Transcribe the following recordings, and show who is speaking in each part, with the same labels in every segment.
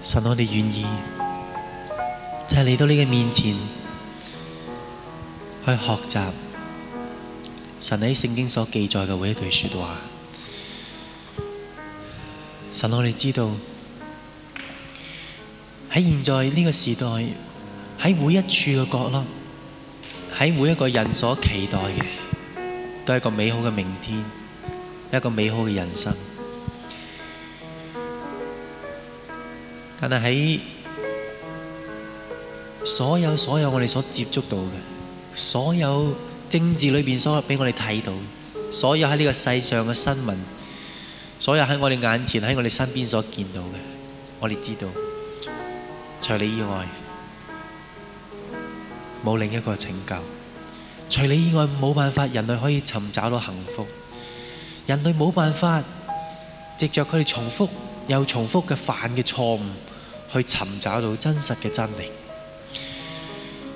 Speaker 1: 神我們願，我哋願意就係嚟到你嘅面前去學習。神喺聖經所記載嘅每一句說話，神我哋知道喺現在呢個時代，喺每一處嘅角落，喺每一個人所期待嘅，都係一個美好嘅明天，一個美好嘅人生。但是喺所有所有我哋所接觸到嘅，所有政治裏面所俾我哋睇到嘅，所有喺呢個世上嘅新聞，所有喺我哋眼前，喺我哋身邊所見到嘅，我哋知道，除你以外冇另一個拯救，除你以外冇辦法人類可以尋找到幸福，人類冇辦法藉着佢哋重複又重複嘅犯嘅錯誤。去尋找到真實嘅真理。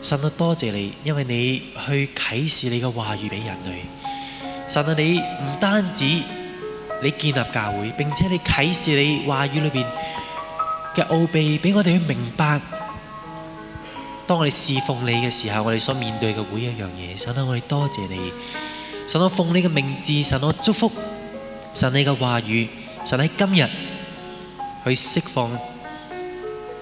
Speaker 1: 神啊，多謝你，因為你去啟示你嘅話語俾人類。神啊，你唔單止你建立教會，並且你啟示你話語裏邊嘅奧秘俾我哋去明白。當我哋侍奉你嘅時候，我哋所面對嘅每一樣嘢。神啊，我哋多謝你。神啊，奉你嘅名字，神啊，祝福。神你嘅話語，神喺今日去釋放。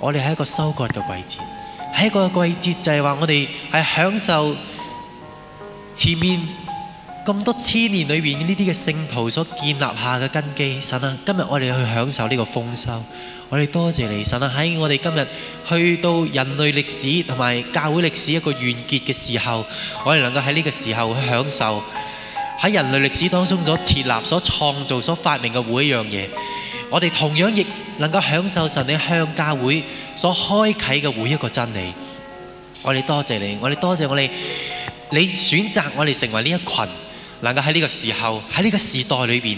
Speaker 1: 我哋喺一個收割嘅季節，喺一個季節就係話我哋係享受前面咁多千年裏邊呢啲嘅聖徒所建立下嘅根基。神啊，今日我哋去享受呢個豐收，我哋多謝你。神啊，喺我哋今日去到人類歷史同埋教會歷史一個完結嘅時候，我哋能夠喺呢個時候去享受喺人類歷史當中所設立、所創造、所發明嘅每一樣嘢，我哋同樣亦。能夠享受神你向教會所開啟嘅每一個真理，我哋多謝你，我哋多謝我哋，你選擇我哋成為呢一群，能夠喺呢個時候喺呢個時代裏邊，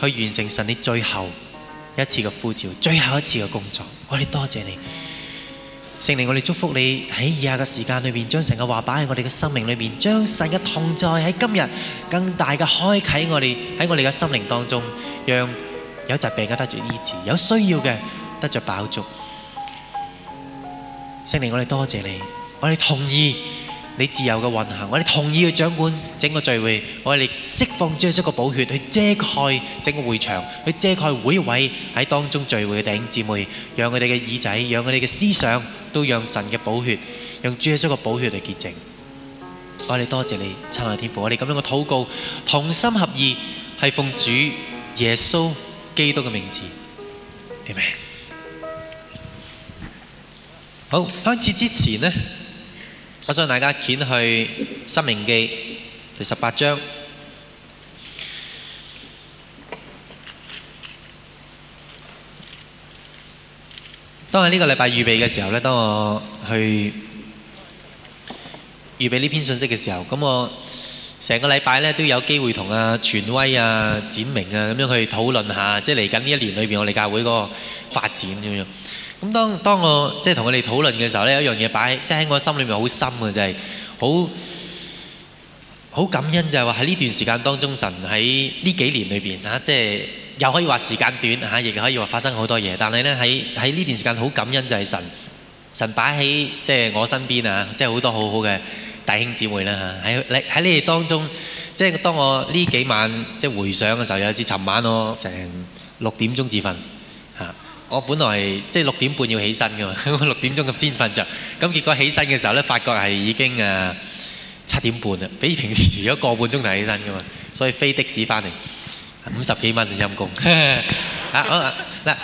Speaker 1: 去完成神你最後一次嘅呼召，最後一次嘅工作，我哋多謝你，聖靈，我哋祝福你喺以下嘅時間裡面將神嘅話擺喺我哋嘅生命裡面，將神嘅同在喺今日更大嘅開啟我哋喺我哋嘅心靈當中。讓有疾病嘅得着醫治，有需要嘅得着飽足。聖靈，我哋多謝你，我哋同意你自由嘅運行，我哋同意佢掌管整個聚會，我哋釋放主耶穌嘅寶血去遮蓋整個會場，去遮蓋每位喺當中聚會嘅弟兄姊妹，讓佢哋嘅耳仔，讓佢哋嘅思想，都讓神嘅寶血，讓主耶穌嘅寶血嚟潔淨。我哋多謝你，親愛天父，我哋咁樣嘅禱告，同心合意，係奉主，耶穌基督嘅名字，阿們。好，開始之前呢，我想大家攪去《申命記》第十八章。當我呢個禮拜預備嘅時候咧，當我去預備呢篇信息嘅時候，咁我。成個禮拜咧都有機會同阿傳威啊、展明啊咁樣去討論下，即係嚟緊呢一年裏邊，我哋教會嗰個發展咁樣。咁當當我即係同佢哋討論嘅時候呢，有一樣嘢擺，即係喺我心裏面好深嘅，就係好好感恩就係話喺呢段時間當中，神喺呢幾年裏邊嚇，即係又可以話時間短嚇，亦、啊、可以話發生好多嘢。但係咧喺喺呢段時間好感恩就係神神擺喺即係我身邊啊，即係好多好好嘅。弟兄姊妹啦嚇，喺你喺你哋當中，即係當我呢幾晚即係回想嘅時候，有一次尋晚我成六點鐘至瞓嚇，我本來即係六點半要起身㗎嘛，六點鐘咁先瞓著，咁結果起身嘅時候咧，發覺係已經誒七點半啦，比平時遲咗個半鐘頭起身㗎嘛，所以飛的士翻嚟五十幾蚊嘅陰功嚇嗱。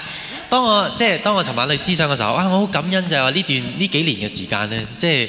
Speaker 1: 當我即係當我尋晚去思想嘅時候，哇！我好感恩就係話呢段呢幾年嘅時間咧，即係。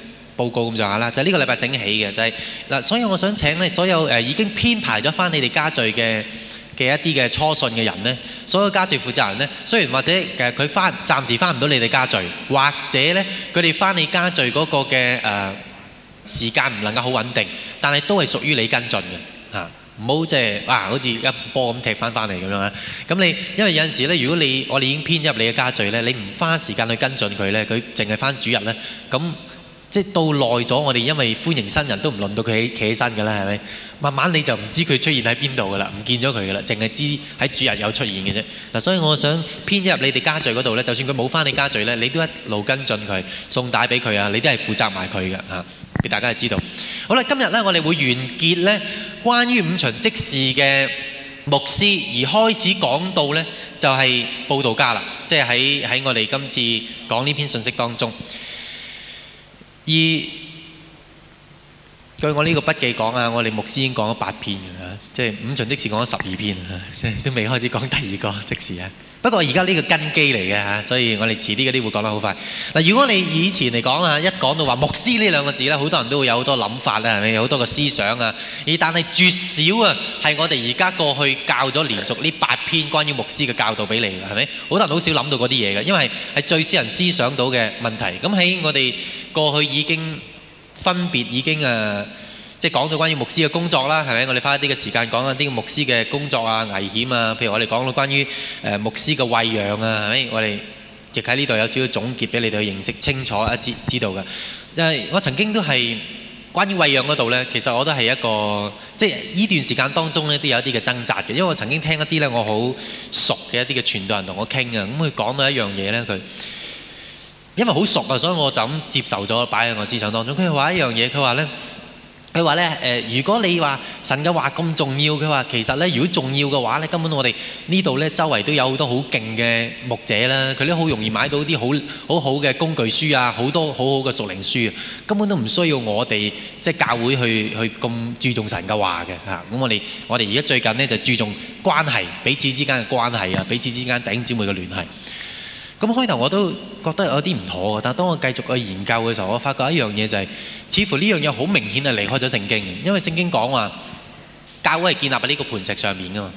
Speaker 1: 報告咁上下啦，就係、是、呢個禮拜醒起嘅就係、是、嗱，所以我想請咧所有誒、呃、已經編排咗翻你哋家聚嘅嘅一啲嘅初信嘅人咧，所有家聚負責人咧，雖然或者其實佢翻暫時翻唔到你哋家聚，或者咧佢哋翻你家聚嗰個嘅誒、呃、時間唔能夠好穩定，但係都係屬於你跟進嘅嚇，唔好即係哇，好似、就是啊、一波咁踢翻翻嚟咁樣啊。咁你因為有陣時咧，如果你我哋已經編入你嘅家聚咧，你唔花時間去跟進佢咧，佢淨係翻主日咧咁。即係到耐咗，我哋因為歡迎新人都唔輪到佢喺企起身㗎啦，係咪？慢慢你就唔知佢出現喺邊度㗎啦，唔見咗佢㗎啦，淨係知喺主人有出現嘅啫。嗱，所以我想編入你哋家聚嗰度咧，就算佢冇返你家聚咧，你都一路跟進佢，送帶俾佢啊，你都係負責埋佢嘅嚇。俾大家係知道。好啦，今日咧我哋會完結咧關於五旬職事嘅牧師，而開始講到咧就係報道家啦，即係喺喺我哋今次講呢篇信息當中。依據我呢個筆記講啊，我哋牧師已經講咗八篇，即係五旬職事講咗十二篇，都未開始講第二個職事。不過而家呢個根基嚟嘅嚇，所以我哋遲啲嗰啲會講得好快。嗱，如果你以前嚟講啊，一講到話牧師呢兩個字咧，好多人都會有好多諗法啦，係咪有好多個思想啊？而但係絕少啊，係我哋而家過去教咗連續呢八篇關於牧師嘅教導俾你，係咪？好多人好少諗到嗰啲嘢嘅，因為係最少人思想到嘅問題。咁喺我哋過去已經分別已經誒。即係講到關於牧師嘅工作啦，係咪？我哋花一啲嘅時間講下一啲牧師嘅工作啊、危險啊，譬如我哋講到關於誒牧師嘅餵養啊，係咪？我哋亦喺呢度有少少總結俾你哋去認識清楚一知知道嘅。即係我曾經都係關於餵養嗰度咧，其實我都係一個即係呢段時間當中咧，都有一啲嘅掙扎嘅。因為我曾經聽一啲咧，我好熟嘅一啲嘅傳道人同我傾啊，咁佢講到一樣嘢咧，佢因為好熟啊，所以我就咁接受咗，擺喺我思想當中。佢話一樣嘢，佢話咧。佢話咧誒，如果你話神嘅話咁重要，佢話其實咧，如果重要嘅話咧，根本我哋呢度咧周圍都有好多好勁嘅牧者啦，佢都好容易買到啲好好好嘅工具書啊，好多好好嘅屬靈書，根本都唔需要我哋即係教會去去咁注重神嘅話嘅嚇。咁我哋我哋而家最近咧就注重關係，彼此之間嘅關係啊，彼此之間頂姊妹嘅聯繫。咁開頭我都覺得有啲唔妥嘅，但係當我繼續去研究嘅時候，我發覺一樣嘢就係、是，似乎呢樣嘢好明顯係離開咗聖經嘅，因為聖經講話教會係建立喺呢個磐石上面㗎嘛，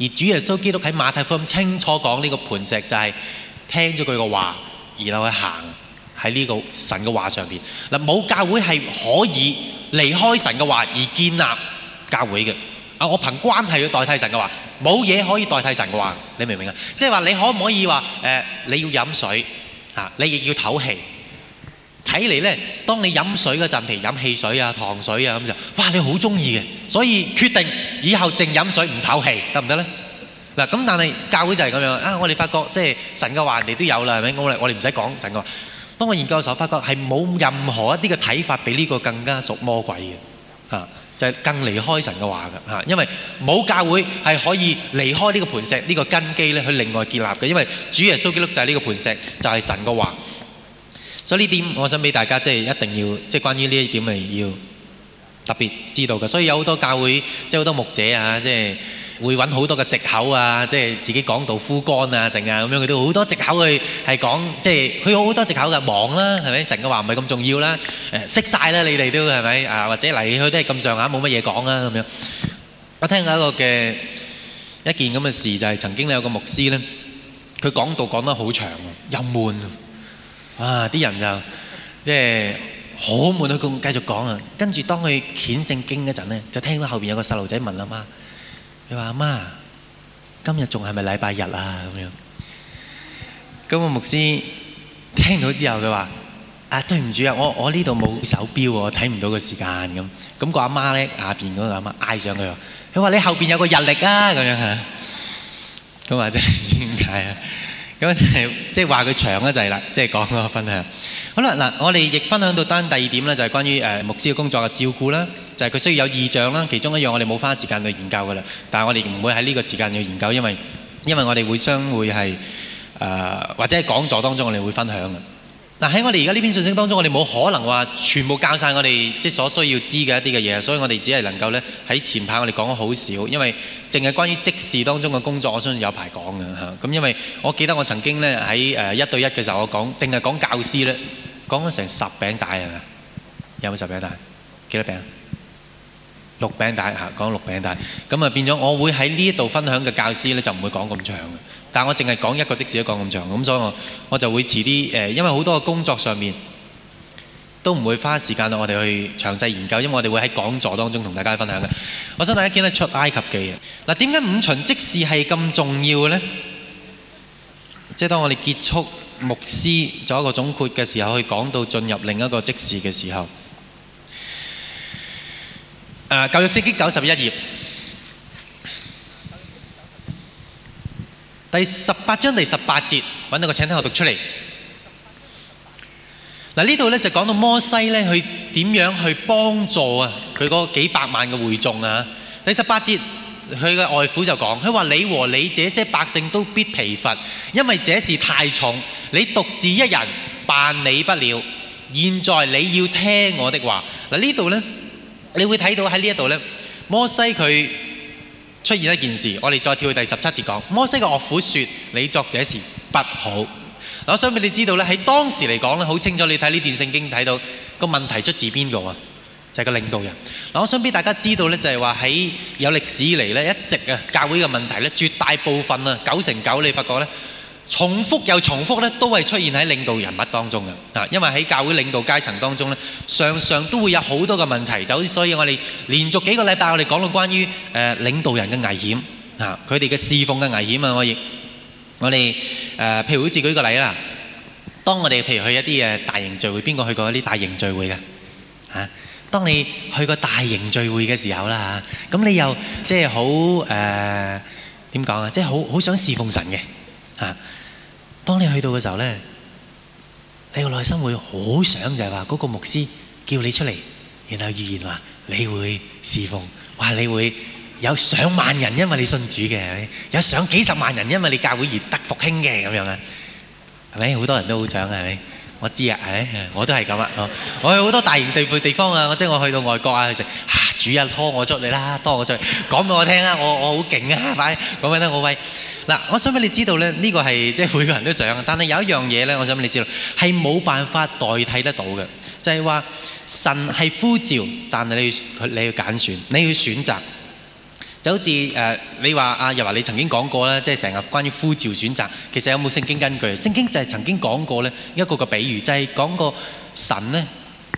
Speaker 1: 而主耶穌基督喺馬太福音清楚講呢個磐石就係聽咗佢嘅話，而然後去行喺呢個神嘅話上邊。嗱，冇教會係可以離開神嘅話而建立教會嘅。啊！我憑關係去代替神嘅話，冇嘢可以代替神嘅話，你明唔明啊？即係話你可唔可以話誒？你要飲水嚇，你亦要唞氣。睇嚟咧，當你飲水嗰陣，譬如飲汽水啊、糖水啊咁就，哇！你好中意嘅，所以決定以後淨飲水唔唞氣得唔得咧？嗱咁，但係教會就係咁樣啊！我哋發覺即係神嘅話，人哋都有啦，係咪？我哋我哋唔使講神嘅話，當我研究嘅時候，發覺係冇任何一啲嘅睇法比呢個更加屬魔鬼嘅嚇。就係更離開神嘅話㗎嚇，因為冇教會係可以離開呢個磐石呢個根基咧，去另外建立嘅。因為主耶穌基督就係呢個磐石，就係神嘅話。所以呢點，我想俾大家即係一定要，即係關於呢一點係要特別知道嘅。所以有好多教會，即係好多牧者啊，即係。會揾好多個藉口啊！即係自己講道枯乾啊，成啊咁樣，佢都好多藉口去係講，即係佢有好多藉口噶忙啦，係咪？神嘅話唔係咁重要啦，誒識曬啦，你哋都係咪啊？或者嚟去都係咁上下，冇乜嘢講啊咁樣。我聽到一個嘅一件咁嘅事，就係曾經咧有個牧師咧，佢講道講得好長，又悶，啊啲人就即係好悶咁繼續講啊。跟住當佢攣聖經嗰陣咧，就聽到後邊有個細路仔問阿媽，佢話：阿媽，今日仲係咪禮拜日啊？咁樣。咁個牧師聽到之後，佢話：啊，對唔住啊，我我呢度冇手錶，我睇唔到個時間咁。咁個阿媽咧，下邊嗰個阿媽嗌上佢，佢話你後面有個日曆啊！咁樣嚇。咁話真係唔知點解啊！咁即係話佢長啦就係、是、啦，即係講個分享。好啦，嗱，我哋亦分享到單第二點咧，就係、是、關於誒、呃、牧師嘅工作嘅照顧啦。就係、是、佢需要有異象啦，其中一樣我哋冇花時間去研究嘅啦。但係我哋唔會喺呢個時間去研究，因為因為我哋會將會係誒、呃、或者係講座當中我哋會分享嘅。嗱喺我哋而家呢篇信息當中，我哋冇可能話全部教曬我哋即係所需要知嘅一啲嘅嘢，所以我哋只係能夠咧喺前排我哋講咗好少，因為淨係關於即時當中嘅工作，我相信有排講㗎吓。咁因為我記得我曾經咧喺誒一對一嘅時候，我講淨係講教師咧，講咗成十餅帶，係咪？有冇十餅帶？幾多餅？六餅帶吓，講六餅帶。咁啊變咗，我會喺呢一度分享嘅教師咧，就唔會講咁長嘅。但係我淨係講一個職事都講咁長，咁所以我我就會遲啲誒，因為好多工作上面都唔會花時間，我哋去詳細研究，因為我哋會喺講座當中同大家分享嘅。我想大家見得出埃及記啊！嗱，點解五旬職事係咁重要嘅呢？即係當我哋結束牧師做一個總括嘅時候，去講到進入另一個職事嘅時候，誒《教約書經》九十頁。第十八章第十八節，揾到個，請聽我讀出嚟。嗱，呢度咧，就講到摩西呢，佢點樣去幫助啊佢嗰幾百萬嘅會眾啊？第十八節佢嘅外父就講，佢話你和你這些百姓都必疲乏，因為這事太重，你獨自一人辦理不了。現在你要聽我的話。嗱呢度呢，你會睇到喺呢一度咧，摩西佢。出現一件事，我哋再跳去第十七節講，摩西嘅岳父說：你作這事不好。嗱，我想俾你知道咧，喺當時嚟講咧，好清楚你看看。你睇呢段聖經睇到個問題出自邊個啊？就係、是、個領導人。嗱，我想俾大家知道咧，就係話喺有歷史以嚟咧，一直啊教會嘅問題咧，絕大部分啊九成九，你發覺咧。重複又重複咧，都係出現喺領導人物當中嘅啊！因為喺教會領導階層當中咧，常常都會有好多嘅問題。就所以我哋連續幾個禮拜，我哋講到關於誒領導人嘅危險啊，佢哋嘅侍奉嘅危險啊。我亦我哋誒、呃，譬如好似舉一個例啦。當我哋譬如去一啲誒大型聚會，邊個去過呢大型聚會嘅嚇、啊？當你去過大型聚會嘅時候啦嚇，咁、啊、你又即係好誒點講啊？即係好好想侍奉神嘅嚇。啊。當你去到嘅時候咧，你個內心會好想，就係話嗰個牧師叫你出嚟，然後預言話你會侍奉，話你會有上萬人，因為你信主嘅，係咪有上幾十萬人，因為你教會而得復興嘅咁樣啊，係咪好多人都好想係咪？我知啊，唉，我都係咁啦，我去好多大型地盤地方啊，我即係我去到外國啊，去食，主啊拖我出嚟啦，拖我出嚟，講俾我聽啊，我我好勁啊，快講俾我聽，我威。嗱，我想俾你知道咧，呢、這個係即係每個人都想，但係有一樣嘢咧，我想俾你知道係冇辦法代替得到嘅，就係、是、話神係呼召，但係你佢你要揀選，你要選擇，就好似誒、呃、你話阿日華你曾經講過啦，即係成日關於呼召選擇，其實有冇聖經根據？聖經就係曾經講過咧一個個比喻，就係講個神咧，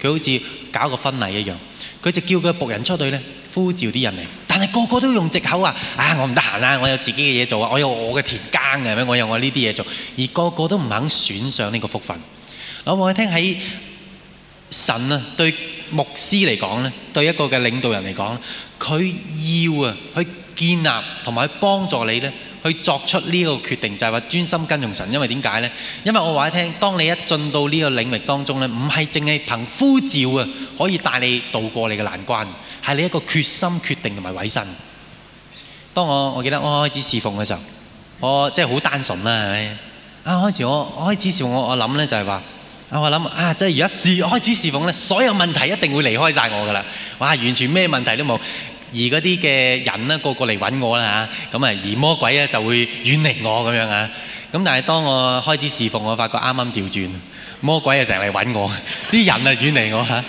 Speaker 1: 佢好似搞個婚禮一樣，佢就叫個僕人出去咧呼召啲人嚟。但係個個都用藉口啊！啊，我唔得閒啦，我有自己嘅嘢做啊，我有我嘅田耕嘅，咩？我有我呢啲嘢做，而個個都唔肯選上呢個福分。我望你聽喺神啊，對牧師嚟講咧，對一個嘅領導人嚟講，佢要啊，去建立同埋去幫助你咧。去作出呢個決定，就係話專心跟從神，因為點解呢？因為我話你聽，當你一進到呢個領域當中呢，唔係淨係憑呼召啊，可以帶你渡過你嘅難關，係你一個決心決定同埋委身。當我我記得我開始侍奉嘅時候，我即係好單純啦。係咪，啊，開始我，我開始侍我我諗呢就係話，我諗、就係、啊，即係如果侍開始侍奉呢，所有問題一定會離開晒我噶啦，哇！完全咩問題都冇。而嗰啲嘅人咧，個個嚟揾我啦嚇，咁啊，而魔鬼咧就會遠離我咁樣啊。咁但係當我開始侍奉，我發覺啱啱調轉，魔鬼啊成日嚟揾我，啲 人啊遠離我嚇。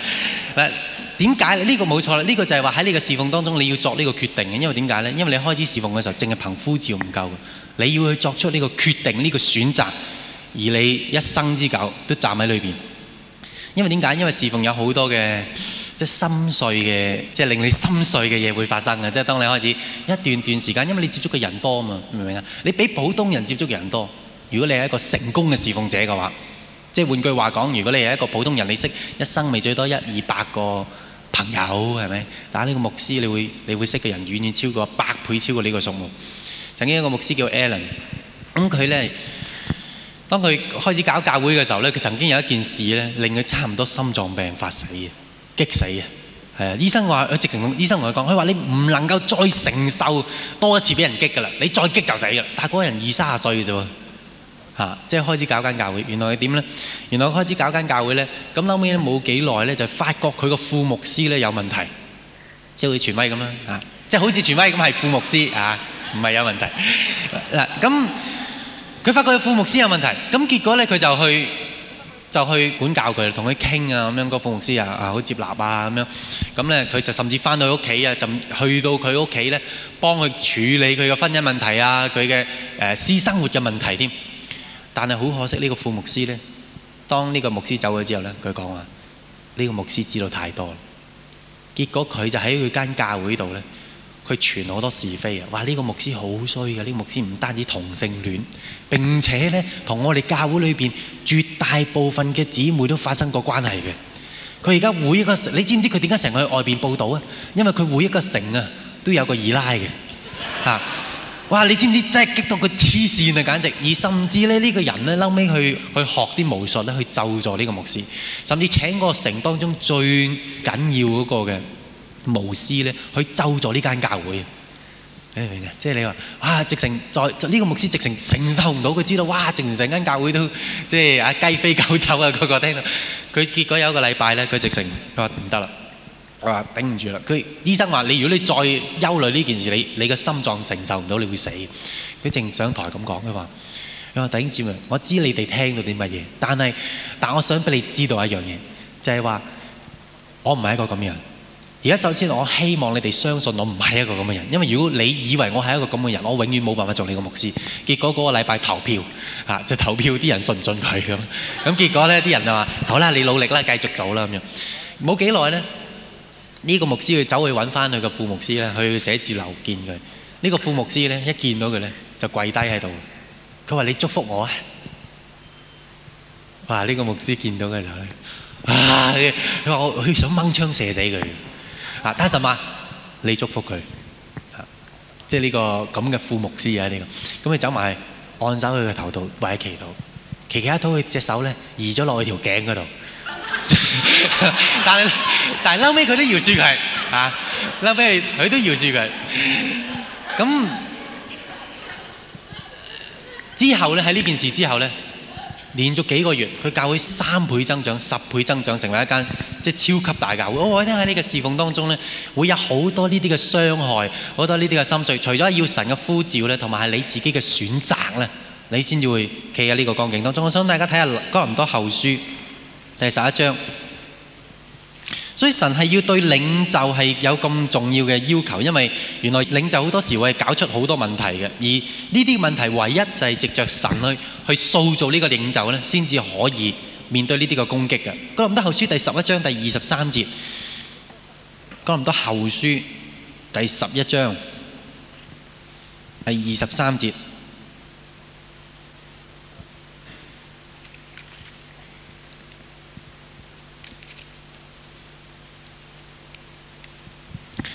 Speaker 1: 嗱，點解呢個冇錯啦？呢、呢個就係話喺呢個侍奉當中，你要作呢個決定嘅，因為點解咧？因為你開始侍奉嘅時候，淨係憑呼召唔夠，你要去作出呢個決定，呢、呢個選擇，而你一生之久都站喺裏邊。因為點解？因為侍奉有好多嘅即係心碎嘅，即係令你心碎嘅嘢會發生嘅。即係當你開始一段段時間，因為你接觸嘅人多啊嘛，明唔明啊？你比普通人接觸嘅人多。如果你係一個成功嘅侍奉者嘅話，即係換句話講，如果你係一個普通人，你識一生未最多一二百個朋友，係咪？但係呢個牧師你，你會你會識嘅人遠遠超過百倍，超過呢個數目。曾經有一個牧師叫 Alan，咁、嗯、佢咧。當佢開始搞教會嘅時候咧，佢曾經有一件事咧，令佢差唔多心臟病發死嘅，激死嘅。係啊，醫生話直情，醫生同佢講，佢話你唔能夠再承受多一次俾人激㗎啦，你再激就死㗎。但係嗰個人二卅歲嘅啫喎，即係開始搞間教會。原來係點咧？原來開始搞間教會咧，咁後尾咧冇幾耐咧，就發覺佢個副牧師咧有問題，即係會傳威咁啦，嚇、啊，即係好似傳威咁係副牧師啊，唔係有問題嗱咁。啊。佢發覺佢副牧師有問題，咁結果咧佢就去就去管教佢，同佢傾啊，咁樣，個副牧師啊啊好接納啊咁樣，咁咧佢就甚至翻到屋企啊，就去到佢屋企咧幫佢處理佢嘅婚姻問題啊，佢嘅誒私生活嘅問題添。但係好可惜呢、呢個副牧師咧，當呢個牧師走咗之後咧，佢講話，呢、呢個牧師知道太多，結果佢就喺佢間教會度咧。佢傳好多是非啊！話呢個牧師好衰嘅，呢個牧師唔單止同性戀，並且咧同我哋教會裏邊絕大部分嘅姊妹都發生過關係嘅。佢而家每一個城，你知唔知佢點解成日去外邊報道啊？因為佢每一個城啊，都有個二奶嘅嚇。哇！你知唔知真係激到佢黐線啊！簡直，而甚至咧呢個人咧，後尾去去學啲巫術咧，去咒詛呢個牧師，甚至請個城當中最緊要嗰個嘅。巫師咧，佢就助呢間教會，你明唔明啊？即係你話哇，直情再就呢個牧師直情承受唔到，佢知道哇，整成間教會都即係啊雞飛狗走啊，個個聽到。佢結果有個禮拜咧，佢直情佢話唔得啦，佢話頂唔住啦。佢醫生話：你如果你再憂慮呢件事，你你個心臟承受唔到，你會死。佢正上台咁講咧話，佢話，弟兄姊妹，我知你哋聽到啲乜嘢，但係但係我想俾你知道一樣嘢，就係話我唔係一個咁樣。而家首先，我希望你哋相信我唔係一個咁嘅人，因為如果你以為我係一個咁嘅人，我永遠冇辦法做你個牧師。結果嗰個禮拜投票啊，就投票啲人信唔信佢咁。咁結果咧，啲人就話：好啦，你努力啦，繼續做啦咁樣。冇幾耐咧，呢個牧師去走去揾翻佢個副牧師啦，去寫字樓見佢。呢個副牧師咧，一見到佢咧，就跪低喺度。佢話：你祝福我啊！哇！呢個牧師見到嘅時候咧，啊！佢話：我佢想掹槍射死佢。嗱，得十萬，你祝福佢，啊，即係呢個咁嘅副牧師啊，呢個，咁你走埋按手佢嘅頭度，為佢祈禱，祈祈下，拖佢隻手咧移咗落去條頸嗰度，但係但係嬲尾佢都饒恕佢，啊，嬲尾佢都饒恕佢，咁之後咧，喺呢件事之後咧。連續幾個月，佢教會三倍增長、十倍增長，成為一間即係超級大教會。我話俾你聽喺呢個侍奉當中咧，會有好多呢啲嘅傷害，好多呢啲嘅心碎。除咗要神嘅呼召咧，同埋係你自己嘅選擇咧，你先至會企喺呢個光景當中。我想大家睇下《哥林多後書》第十一章。所以神係要對領袖係有咁重要嘅要求，因為原來領袖好多時會係搞出好多問題嘅，而呢啲問題唯一就係藉着神去去塑造呢個領袖咧，先至可以面對呢啲嘅攻擊嘅。哥林多後書第十一章第二十三節，哥林多後書第十一章第二十三節。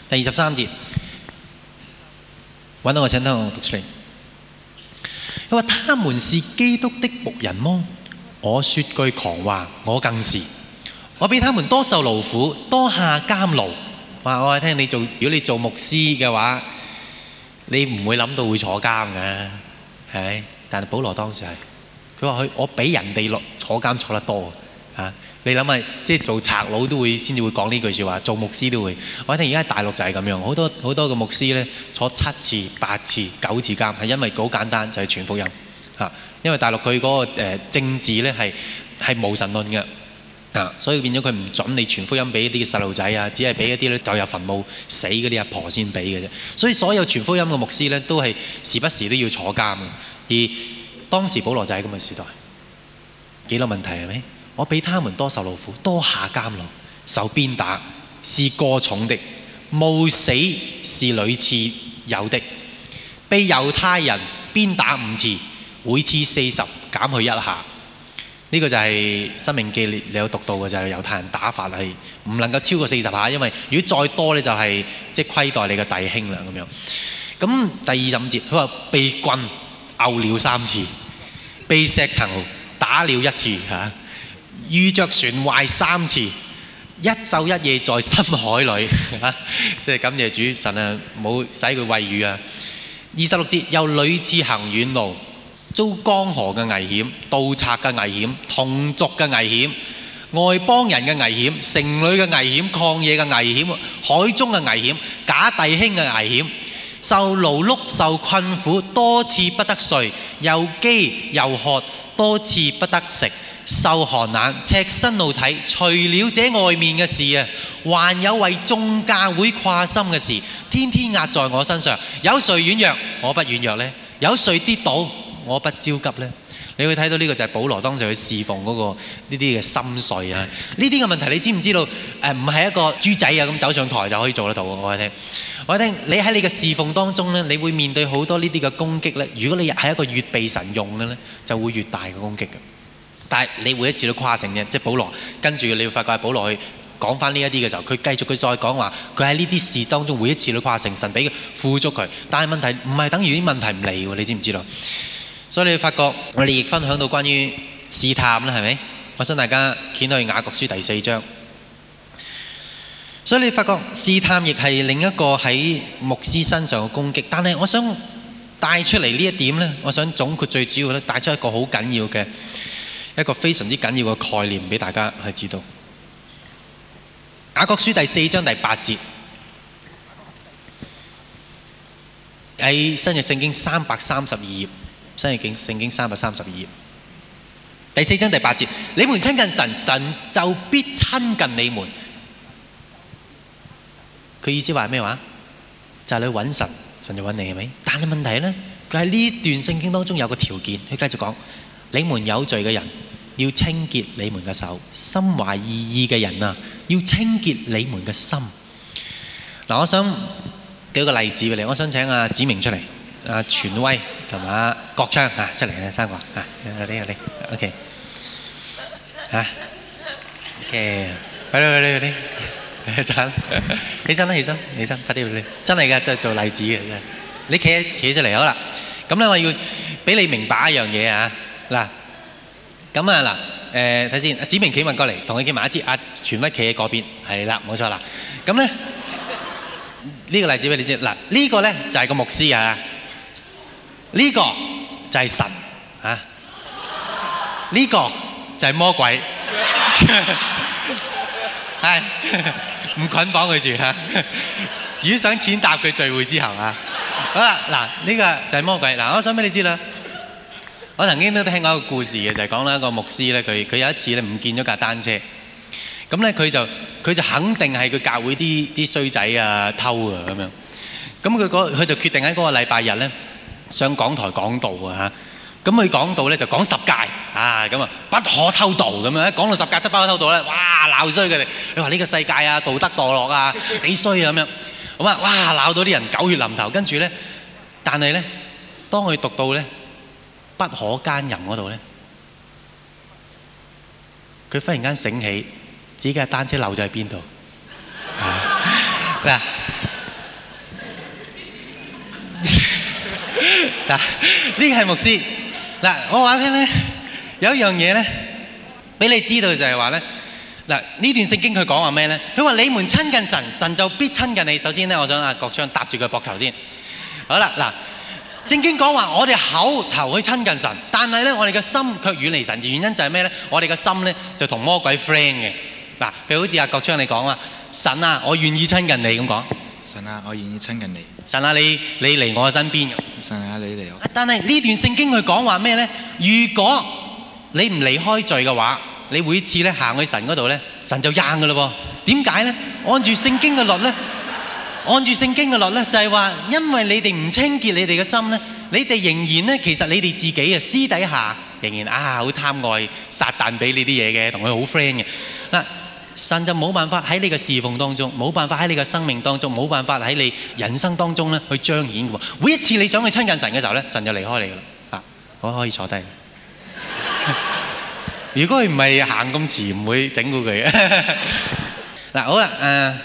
Speaker 1: 第二十三節，搵到我請得我讀出嚟。佢話他們是基督的僕人麼？我說句狂話，我更是。我比他們多受勞苦，多下監牢。我聽你做，如果你做牧師嘅話，你唔會諗到會坐監嘅，係咪？但係保羅當時係，佢話我比人哋坐監坐得多。你諗下，即係做賊佬都會先至會講呢句説話，做牧師都會。我一定而家大陸就係咁樣，好多好多嘅牧師咧坐七次、八次、九次監，係因為好簡單，就係、是、傳福音嚇。因為大陸佢嗰個政治咧係係無神論嘅啊，所以變咗佢唔准你傳福音俾啲細路仔啊，只係俾一啲咧走入墳墓死嗰啲阿婆先俾嘅啫。所以所有傳福音嘅牧師咧都係時不時都要坐監嘅。而當時保羅就係咁嘅時代，幾多問題係咪？我比他們多受勞苦，多下監牢，受鞭打是過重的，冒死是屢次有的。被猶太人鞭打五次，每次四十減去一下。呢、這個就係《申命記》你你有讀到嘅就係、是、猶太人打法係唔能夠超過四十下，因為如果再多呢、就是，就係即係虧待你嘅弟兄啦咁樣。咁第二十五節佢話被棍毆了三次，被石頭打了一次嚇遇着船壞三次，一晝一夜在深海裡，即 係感謝主神啊，冇使佢餵魚啊。二十六節又屢次行遠路，遭江河嘅危險、盜賊嘅危險、同族嘅危險、外邦人嘅危險、城裏嘅危險、曠野嘅危險、海中嘅危險、假弟兄嘅危險，受勞碌、受困苦，多次不得睡，又飢又渴，多次不得食。受寒冷、赤身露體，除了這外面嘅事啊，還有為眾教會掛心嘅事，天天壓在我身上。有誰軟弱，我不軟弱呢？有誰跌倒，我不焦急呢？你會睇到呢個就係保羅當時去侍奉嗰個呢啲嘅心碎啊，呢啲嘅問題，你知唔知道？誒、呃，唔係一個豬仔啊，咁走上台就可以做得到啊。我聽，我聽，你喺你嘅侍奉當中呢，你會面對好多呢啲嘅攻擊呢。如果你係一個越被神用嘅呢，就會越大嘅攻擊嘅。但係你每一次都跨城嘅，即係保羅跟住你會發覺，保羅去講翻呢一啲嘅時候，佢繼續佢再講話，佢喺呢啲事當中每一次都跨城，神俾佢富足佢。但係問題唔係等於啲問題唔嚟喎，你知唔知道？所以你會發覺，我哋亦分享到關於試探啦，係咪？我想大家掀去雅各書第四章。所以你發覺試探亦係另一個喺牧師身上嘅攻擊，但係我想帶出嚟呢一點咧，我想總括最主要咧，帶出一個好緊要嘅。一個非常之緊要嘅概念俾大家去知道，《雅各書》第四章第八節，喺新約聖經三百三十二頁，新約經聖經三百三十二頁，第四章第八節，你們親近神，神就必親近你們。佢意思話咩話？就係你去揾神，神就揾你係咪？但係問題呢，佢喺呢段聖經當中有個條件，佢繼續講：你們有罪嘅人。要清潔你們嘅手，心懷二意嘅人啊，要清潔你們嘅心。嗱，我想舉個例子俾你，我想請阿子明出嚟，阿全威同埋阿國昌啊出嚟啊，三個啊，快啲快啲，OK，吓，OK，快啲快啲快啲，站，起身啦起身起身，快啲快啲，真係噶，即係做例子嘅真，你企企出嚟好啦，咁咧我要俾你明白一樣嘢啊，嗱。咁啊嗱，誒睇、呃、先，阿子明企埋過嚟，同佢企埋一支，阿、啊、全威企喺嗰邊，係啦，冇錯啦。咁咧呢 個例子俾你知，嗱、這個、呢個咧就係、是、個牧師、這個、啊，呢、這個就係神啊，呢個就係魔鬼，係唔捆綁佢住嚇、啊，如果想踐踏佢聚會之後啊，好啦，嗱、這、呢個就係魔鬼，嗱我想俾你知啦。我曾經都聽過一個故事嘅，就係講啦個牧師咧，佢佢有一次咧唔見咗架單車，咁咧佢就佢就肯定係佢教會啲啲衰仔啊偷啊咁樣，咁佢嗰佢就決定喺嗰個禮拜日咧上講台講道啊嚇，咁佢講道咧就講十戒啊咁啊不可偷盜咁樣，一講到十戒都包偷盜啦，哇鬧衰佢哋，你話呢個世界啊道德墮落啊幾衰啊咁樣，咁啊哇鬧到啲人狗血淋頭，跟住咧，但係咧當佢讀到咧。不可奸淫嗰度咧，佢忽然間醒起，自己嘅單車漏咗喺邊度？嗱，嗱呢個係牧師嗱，我話聽咧有一樣嘢咧，俾你知道就係話咧，嗱呢段聖經佢講話咩咧？佢話你們親近神，神就必親近你。首先咧，我想阿郭昌搭住佢膊頭先。好啦，嗱。聖經講話我哋口頭去親近神，但係咧我哋嘅心卻遠離神，原因就係咩咧？我哋嘅心咧就同魔鬼 friend 嘅。嗱，譬如好似阿郭昌你講啊，神啊，我願意親近你咁講。神啊，我願意親近你。神啊，近你，神啊，你你嚟我嘅身邊。神啊，你嚟。但係呢段聖經佢講話咩咧？如果你唔離開罪嘅話，你每次咧行去神嗰度咧，神就硬嘅嘞。點解咧？按住聖經嘅律咧。按住聖經嘅律咧，就係話，因為你哋唔清潔你哋嘅心咧，你哋仍然咧，其實你哋自己啊，私底下仍然啊，好貪愛撒但俾你啲嘢嘅，同佢好 friend 嘅嗱，神就冇辦法喺你嘅侍奉當中，冇辦法喺你嘅生命當中，冇辦法喺你人生當中咧去彰顯嘅喎。每一次你想去親近神嘅時候咧，神就離開你嘅啦。啊，我可唔可以坐低？ 如果佢唔係行咁遲，唔會整過佢嘅。嗱， 好啦，啊。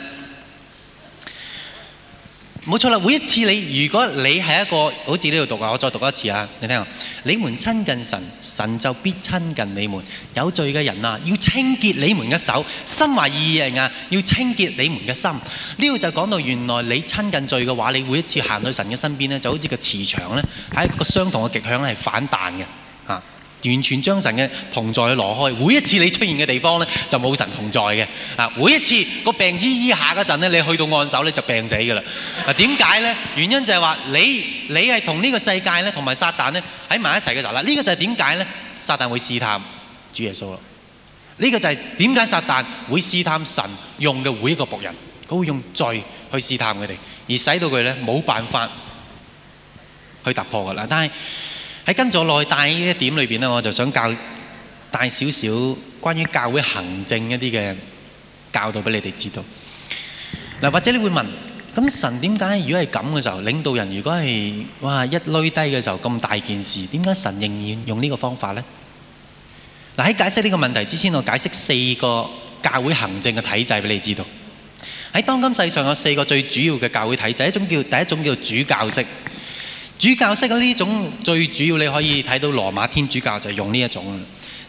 Speaker 1: 冇錯啦，每一次你如果你係一個好似呢度讀啊，我再讀一次啊，你聽啊，你們親近神，神就必親近你們。有罪嘅人啊，要清潔你們嘅手；心懷二意人啊，要清潔你們嘅心。呢個就講到原來你親近罪嘅話，你每一次行去神嘅身邊呢，就好似個磁場呢，喺一個相同嘅極向呢係反彈嘅啊。完全將神嘅同在去挪開，每一次你出現嘅地方咧，就冇神同在嘅。啊，每一次個病醫醫下嗰陣咧，你去到按手咧就病死噶啦。啊，點解咧？原因就係話你你係同呢個世界咧，同埋撒旦咧喺埋一齊嘅時候啦。呢個就係點解咧？撒旦會試探主耶穌咯。呢個就係點解撒旦會試探神用嘅每一個僕人，佢會用罪去試探佢哋，而使到佢咧冇辦法去突破噶啦。但係，喺跟佐內帶呢一點裏面，我就想教帶少少關於教會行政一啲嘅教導畀你哋知道。或者你會問：咁神點解如果係咁嘅時候，領導人如果係哇一攏低嘅時候咁大件事，點解神仍然用呢個方法呢？」在喺解釋呢個問題之前，我解釋四個教會行政嘅體制畀你哋知道。喺當今世上有四個最主要嘅教會體制，一種叫，第一種叫主教式。主教式嘅呢種，最主要你可以睇到羅馬天主教就用呢一種，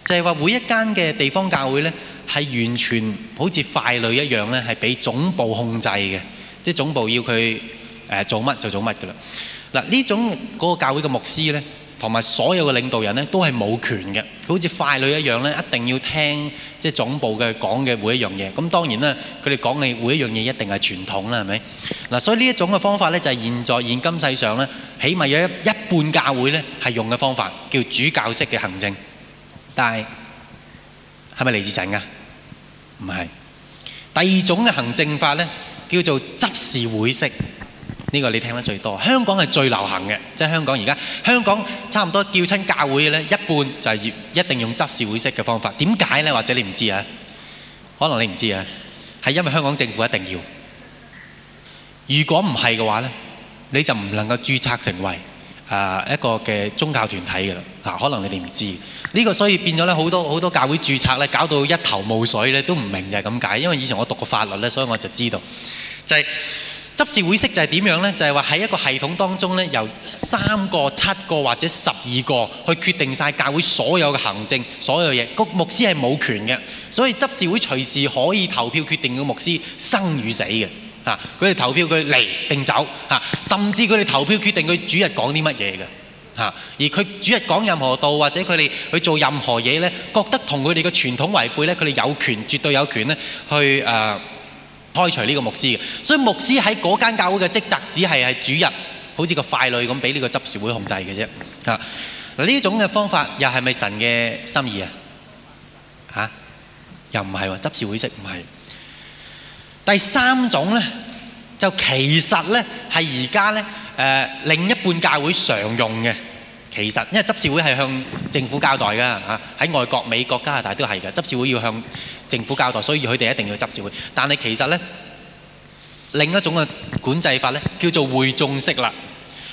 Speaker 1: 就係話每一間嘅地方教會呢，係完全好似傀儡一樣呢，係俾總部控制嘅，即係總部要佢誒做乜就做乜嘅啦。嗱，呢種嗰個教會嘅牧師呢。同埋所有嘅領導人咧，都係冇權嘅，好似傀儡一樣咧，一定要聽即係總部嘅講嘅每一樣嘢。咁當然啦，佢哋講嘅每一樣嘢一定係傳統啦，係咪？嗱，所以呢一種嘅方法咧，就係現在現今世上咧，起碼有一一半教會咧係用嘅方法，叫主教式嘅行政。但係係咪嚟自神啊？唔係。第二種嘅行政法咧，叫做執事會式。呢個你聽得最多，香港係最流行嘅，即係香港而家香港差唔多叫親教會嘅咧，一半就係一定用執事會式嘅方法。點解呢？或者你唔知啊？可能你唔知啊？係因為香港政府一定要。如果唔係嘅話呢，你就唔能夠註冊成為啊一個嘅宗教團體嘅啦。嗱，可能你哋唔知呢個，所以變咗呢，好多好多教會註冊呢，搞到一頭霧水呢，都唔明就係咁解。因為以前我讀過法律呢，所以我就知道就係。執事會式就係點樣呢？就係話喺一個系統當中咧，由三個、七個或者十二個去決定晒教會所有嘅行政、所有嘢。個牧師係冇權嘅，所以執事會隨時可以投票決定個牧師生與死嘅。嚇，佢哋投票佢嚟定走嚇，甚至佢哋投票決定佢主日講啲乜嘢嘅嚇。而佢主日講任何道或者佢哋去做任何嘢呢，覺得同佢哋嘅傳統違背呢，佢哋有權、絕對有權呢去誒。呃開除呢個牧師嘅，所以牧師喺嗰間教會嘅職責只係係主任，好似個傀儡咁，俾呢個執事會控制嘅啫。吓、啊，呢種嘅方法又係咪神嘅心意啊？吓，又唔係喎，執事會識唔係？第三種咧，就其實咧係而家咧誒，另一半教會常用嘅。其實，因為執事會係向政府交代㗎，吓，喺外國，美國、加拿大都係嘅，執事會要向政府交代，所以佢哋一定要執事會。但係其實咧，另一種嘅管制法咧，叫做會眾式啦。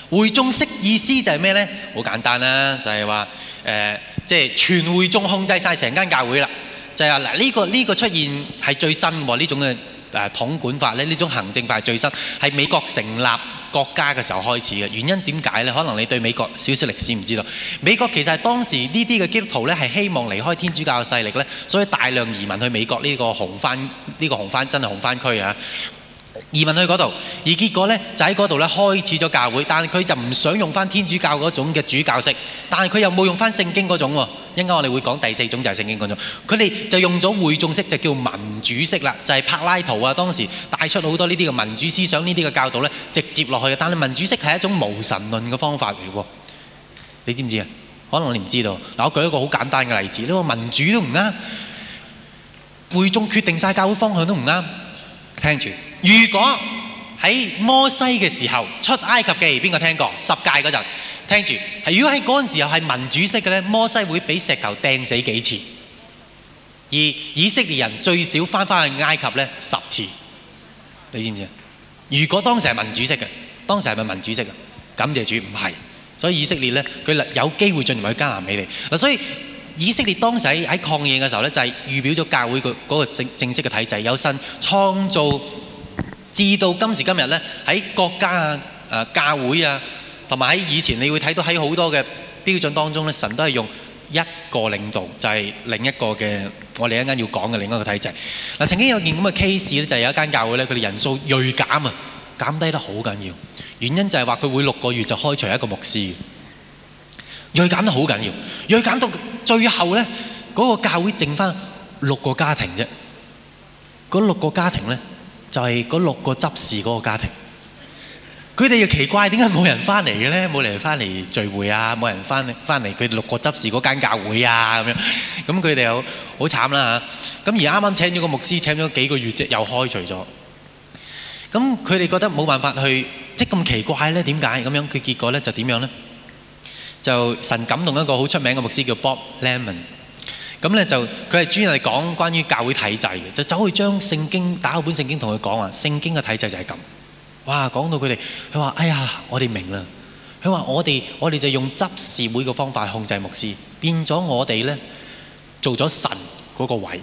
Speaker 1: 會眾式意思就係咩咧？好簡單啦，就係話誒，即係全會眾控制曬成間教會啦。就係話嗱，呢個呢個出現係最新喎，呢種嘅誒統管法咧，呢種行政法係最新，係美國成立國家嘅時候開始嘅。原因點解呢？可能你對美國少少歷史唔知道，美國其實係當時呢啲嘅基督徒呢，係希望離開天主教嘅勢力呢，所以大量移民去美國呢個紅番呢、呢個紅番真係紅番區啊！移民去嗰度，而結果呢，就喺嗰度呢開始咗教會，但係佢就唔想用返天主教嗰種嘅主教式，但係佢又冇用返聖經嗰種喎。一陣間我哋會講第四種就係聖經嗰種，佢哋就用咗會眾式，就叫民主式啦，就係柏拉圖啊，當時帶出好多呢啲嘅民主思想，呢啲嘅教導呢，直接落去嘅。但係民主式係一種無神論嘅方法嚟喎，你知唔知啊？可能你唔知道。嗱，我舉一個好簡單嘅例子，呢個民主都唔啱，會眾決定晒教會方向都唔啱，聽住。如果喺摩西嘅時候出埃及記，邊個聽過？十誡嗰陣聽住，係如果喺嗰陣時候係民主式嘅咧，摩西會俾石頭掟死幾次；而以色列人最少翻返去埃及咧十次，你知唔知啊？如果當時係民主式嘅，當時係咪民主式嘅？感謝主唔係，所以以色列咧佢有機會進入去迦南美地嗱。所以以色列當時喺抗議嘅時候咧，就係、是、預表咗教會嗰個正正式嘅體制有新創造。至到今時今日咧，喺國家啊、誒、啊、教會啊，同埋喺以前，你會睇到喺好多嘅標準當中咧，神都係用一個領導，就係、是、另一個嘅我哋一陣要講嘅另一個體制。嗱、啊，曾經有件咁嘅 case 咧，就係有一間教會咧，佢哋人數銳減啊，減低得好緊要。原因就係話佢會六個月就開除一個牧師，銳減得好緊要，銳減到最後咧，嗰、那個教會剩返六個家庭啫。嗰六個家庭咧。就係嗰六個執事嗰個家庭，佢哋又奇怪點解冇人翻嚟嘅咧？冇人翻嚟聚會啊，冇人翻翻嚟佢六個執事嗰間教會啊咁樣，咁佢哋又好慘啦嚇。咁而啱啱請咗個牧師，請咗幾個月啫，又開除咗。咁佢哋覺得冇辦法去，即咁奇怪咧？點解咁樣？佢結果咧就點樣咧？就神感動一個好出名嘅牧師叫 Bob Lemon。咁咧就佢係專係講關於教會體制嘅，就走去將聖經打開本聖經同佢講話，聖經嘅體制就係咁。哇！講到佢哋，佢話：哎呀，我哋明啦！佢話：我哋我哋就用執事會嘅方法控制牧師，變咗我哋咧做咗神嗰個位，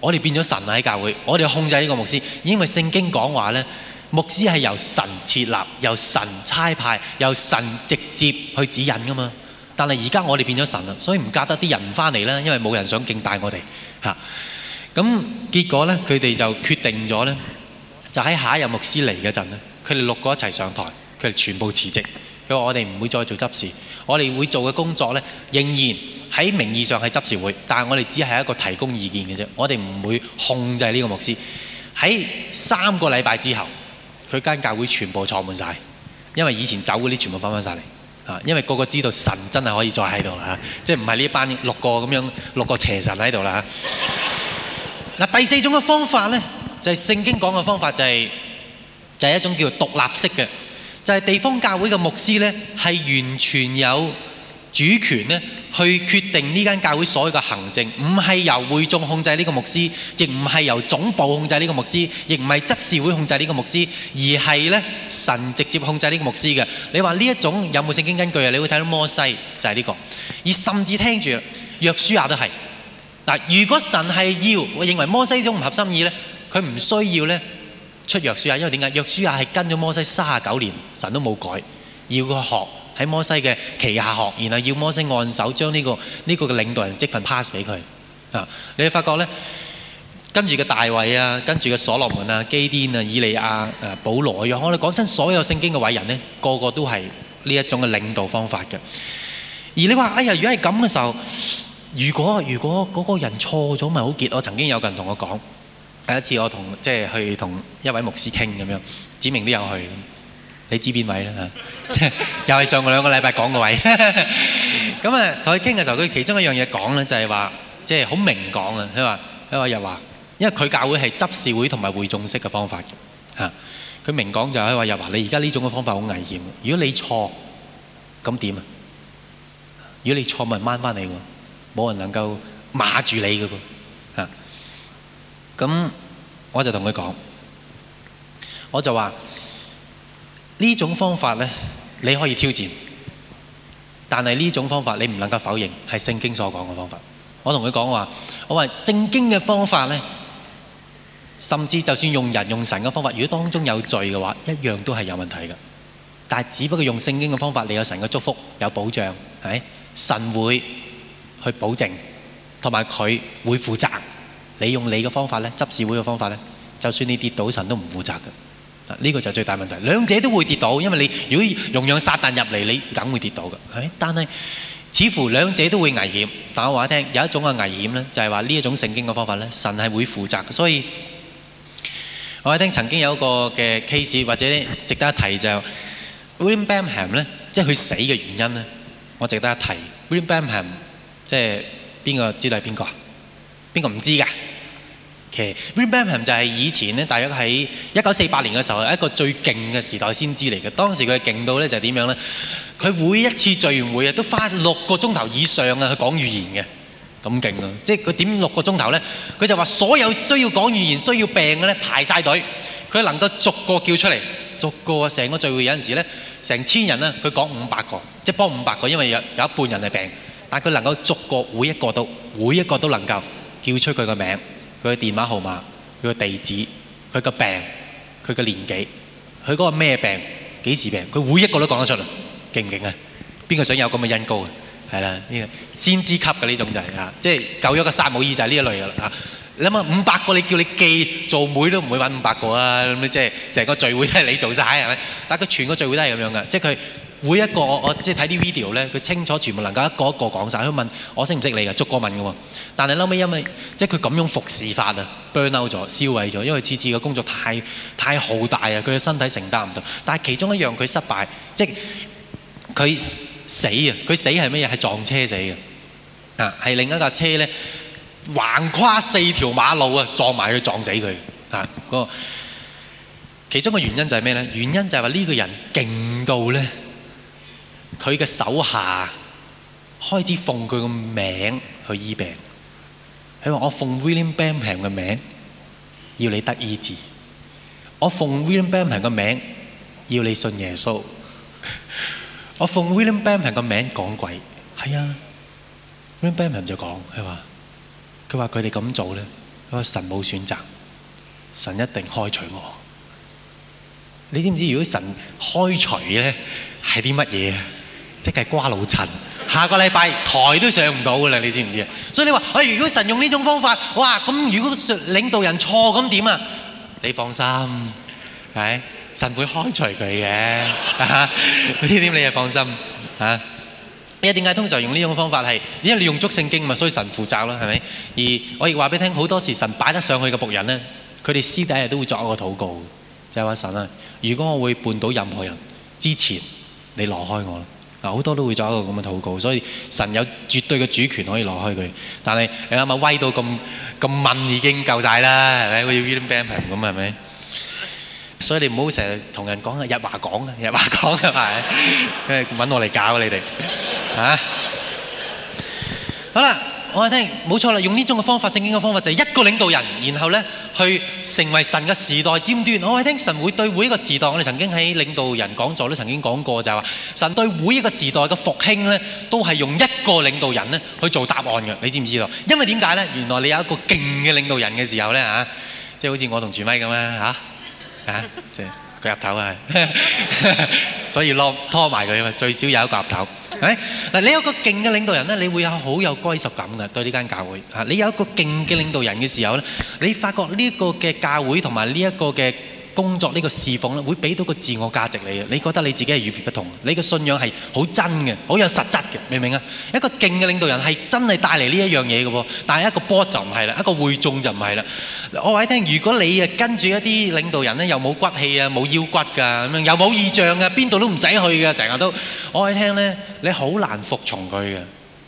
Speaker 1: 我哋變咗神喺教會，我哋控制呢個牧師，因為聖經講話咧，牧師係由神設立，由神差派，由神直接去指引㗎嘛。但係而家我哋變咗神啦，所以唔夾得啲人翻嚟啦，因為冇人想敬戴我哋嚇。咁、啊、結果呢，佢哋就決定咗呢，就喺下一任牧師嚟嗰陣咧，佢哋六個一齊上台，佢哋全部辭職。佢話我哋唔會再做執事，我哋會做嘅工作呢，仍然喺名義上係執事會，但係我哋只係一個提供意見嘅啫，我哋唔會控制呢個牧師。喺三個禮拜之後，佢間教會全部坐滿晒，因為以前走嗰啲全部翻返晒嚟。啊！因為個個知道神真係可以再喺度啦，嚇！即係唔係呢班六個咁樣六個邪神喺度啦，嚇！嗱，第四種嘅方法咧，就係聖經講嘅方法，就係就係一種叫做獨立式嘅，就係地方教會嘅牧師咧，係完全有主權咧。去決定呢間教會所有嘅行政，唔係由會眾控制呢個牧師，亦唔係由總部控制呢個牧師，亦唔係執事會控制呢個牧師，而係咧神直接控制呢個牧師嘅。你話呢一種有冇聖經根據啊？你會睇到摩西就係呢個，而甚至聽住約書亞都係。嗱，如果神係要，我認為摩西呢種唔合心意咧，佢唔需要咧出約書亞，因為點解？約書亞係跟咗摩西卅九年，神都冇改，要佢學。喺摩西嘅旗下學，然後要摩西按手將呢、這個呢、這個嘅領導人職份 pass 俾佢。啊，你會發覺咧，跟住嘅大衛啊，跟住嘅所羅門啊、基甸啊、以利亞、誒保羅啊，我哋講真，啊、所有聖經嘅偉人咧，個個都係呢一種嘅領導方法嘅。而你話：哎呀，如果係咁嘅時候，如果如果嗰個人錯咗，咪好結。我曾經有個人同我講，第一次我同即係去同一位牧師傾咁樣，指明都有去。你知邊位啦？ 又係上個兩個禮拜講個位。 咁啊，同佢傾嘅時候，佢其中一樣嘢講咧，就係話，即係好明講啊！佢話，佢話日華，因為佢教會係執事會同埋會眾式嘅方法嘅。佢明講就係佢話日華，你而家呢種嘅方法好危險。如果你錯，咁點啊？如果你錯，咪掹翻你喎，冇人能夠罵住你嘅噃嚇。咁我就同佢講，我就話，我就說呢種方法呢，你可以挑戰，但係呢種方法你唔能夠否認係聖經所講嘅方法。我同佢講話，我話聖經嘅方法呢，甚至就算用人用神嘅方法，如果當中有罪嘅話，一樣都係有問題嘅。但係只不過用聖經嘅方法，你有神嘅祝福，有保障，係神會去保證，同埋佢會負責。你用你嘅方法呢，執事會嘅方法呢，就算你跌倒，神都唔負責嘅。呢個就係最大的問題，兩者都會跌倒，因為你如果容讓撒但入嚟，你梗會跌倒嘅。但係似乎兩者都會危險。但係我話你聽，有一種嘅危險咧，就係話呢一種聖經嘅方法咧，神係會負責。所以我話你聽，曾經有一個嘅 case 或者值得一提就係 William Branham 咧，即係佢死嘅原因咧，我值得一提 William Branham，即係邊個知道係邊個啊？邊個唔知㗎？嘅 r i m a p p i n g 就係以前咧，大約喺一九四八年嘅時候，一個最勁嘅時代先知嚟嘅。當時佢勁到咧就係點樣咧？佢每一次聚會啊，都花六個鐘頭以上啊，去講預言嘅咁勁咯。即係佢點六個鐘頭咧？佢就話所有需要講預言、需要病嘅咧，排晒隊，佢能夠逐個叫出嚟，逐個，成個聚會有陣時咧成千人啊，佢講五百個，即係幫五百個，因為有有一半人係病，但係佢能夠逐個每一個都，每一個都能夠叫出佢嘅名。佢嘅電話號碼，佢嘅地址，佢嘅病，佢嘅年紀，佢嗰個咩病，幾時病，佢每一個都講得出嚟，勁唔勁啊？邊個想有咁嘅恩膏啊？係啦，呢個先知級嘅呢種就係啊，即係舊約嗰個撒母耳就係呢一類啦啊！你諗下五百個你叫你記做妹都唔會揾五百個啊！咁你即係成個聚會都係你做曬係咪？但係佢全個聚會都係咁樣嘅，即係佢。每一個我即係睇啲 video 咧，佢清楚全部能夠一個一個講晒。佢問我識唔識你嘅，逐個問嘅喎。但係後尾，因為即係佢咁樣服侍法啊，burn out 咗，燒毀咗，因為次次嘅工作太太浩大啊，佢嘅身體承擔唔到。但係其中一樣佢失敗，即係佢死啊！佢死係咩嘢？係撞車死嘅啊！係另一架車咧橫跨四條馬路啊，撞埋佢，撞死佢啊！嗰個其中個原因就係咩咧？原因就係話呢個人勁到咧～佢嘅手下開始奉佢嘅名去醫病。佢話：我奉 William Branham 嘅名，要你得醫治；我奉 William Branham 嘅名，要你信耶穌，我奉 William Branham 嘅名要你信耶穌，我奉 William Branham 嘅名講鬼，係啊。William Branham 就講：佢話佢話佢哋咁做呢，佢話神冇選擇，神一定開除我。你知唔知道如果神開除咧，係啲乜嘢？即係瓜老陳，下個禮拜台都上唔到㗎啦！你知唔知啊？所以你話，哎，如果神用呢種方法，哇咁，那如果領導人錯咁點啊？你放心，係神會開除佢嘅。呢、啊、點你又放心嚇？因、啊、為點解通常用呢種方法係，因為你用足聖經嘛，所以神負責啦，係咪？而我亦話俾你聽，好多時神擺得上去嘅僕人咧，佢哋私底下都會作一個禱告，就係、是、話神啊，如果我會絆倒任何人之前，你挪開我。嗱，好多都會做一個咁嘅禱告，所以神有絕對嘅主權可以攞開佢。但係你諗下，威到咁咁問已經夠晒啦，係咪？我要 ban，咁係咪？所以你唔好成日同人講啊，日華講啊，日華講係咪？搵我嚟搞你哋吓。好啦。我哋聽冇錯啦，用呢種嘅方法，聖經嘅方法就係一個領導人，然後咧去成為神嘅時代尖端。我哋聽神會對每一個時代，我哋曾經喺領導人講座都曾經講過，就係話神對每一個時代嘅復興咧，都係用一個領導人咧去做答案嘅。你知唔知道？因為點解咧？原來你有一個勁嘅領導人嘅時候咧吓，即係好似我同柱威咁樣，吓吓即係。佢入頭啊，所以攞拖埋佢啊，最少有一個入頭。誒，嗱，你有一個勁嘅領導人咧，你會有好有歸屬感嘅對呢間教會。嚇，你有一個勁嘅領導人嘅時候咧，你發覺呢個嘅教會同埋呢一個嘅工作呢個侍奉咧，會俾到個自我價值你嘅。你覺得你自己係與別不同，你嘅信仰係好真嘅，好有實質嘅，明唔明啊？一個勁嘅領導人係真係帶嚟呢一樣嘢嘅喎，但係一個波就唔係啦，一個會眾就唔係啦。我話你聽，如果你啊跟住一啲領導人咧，又冇骨氣啊，冇腰骨㗎，咁樣又冇異象㗎，邊度都唔使去嘅，成日都我話你聽咧，你好難服從佢嘅，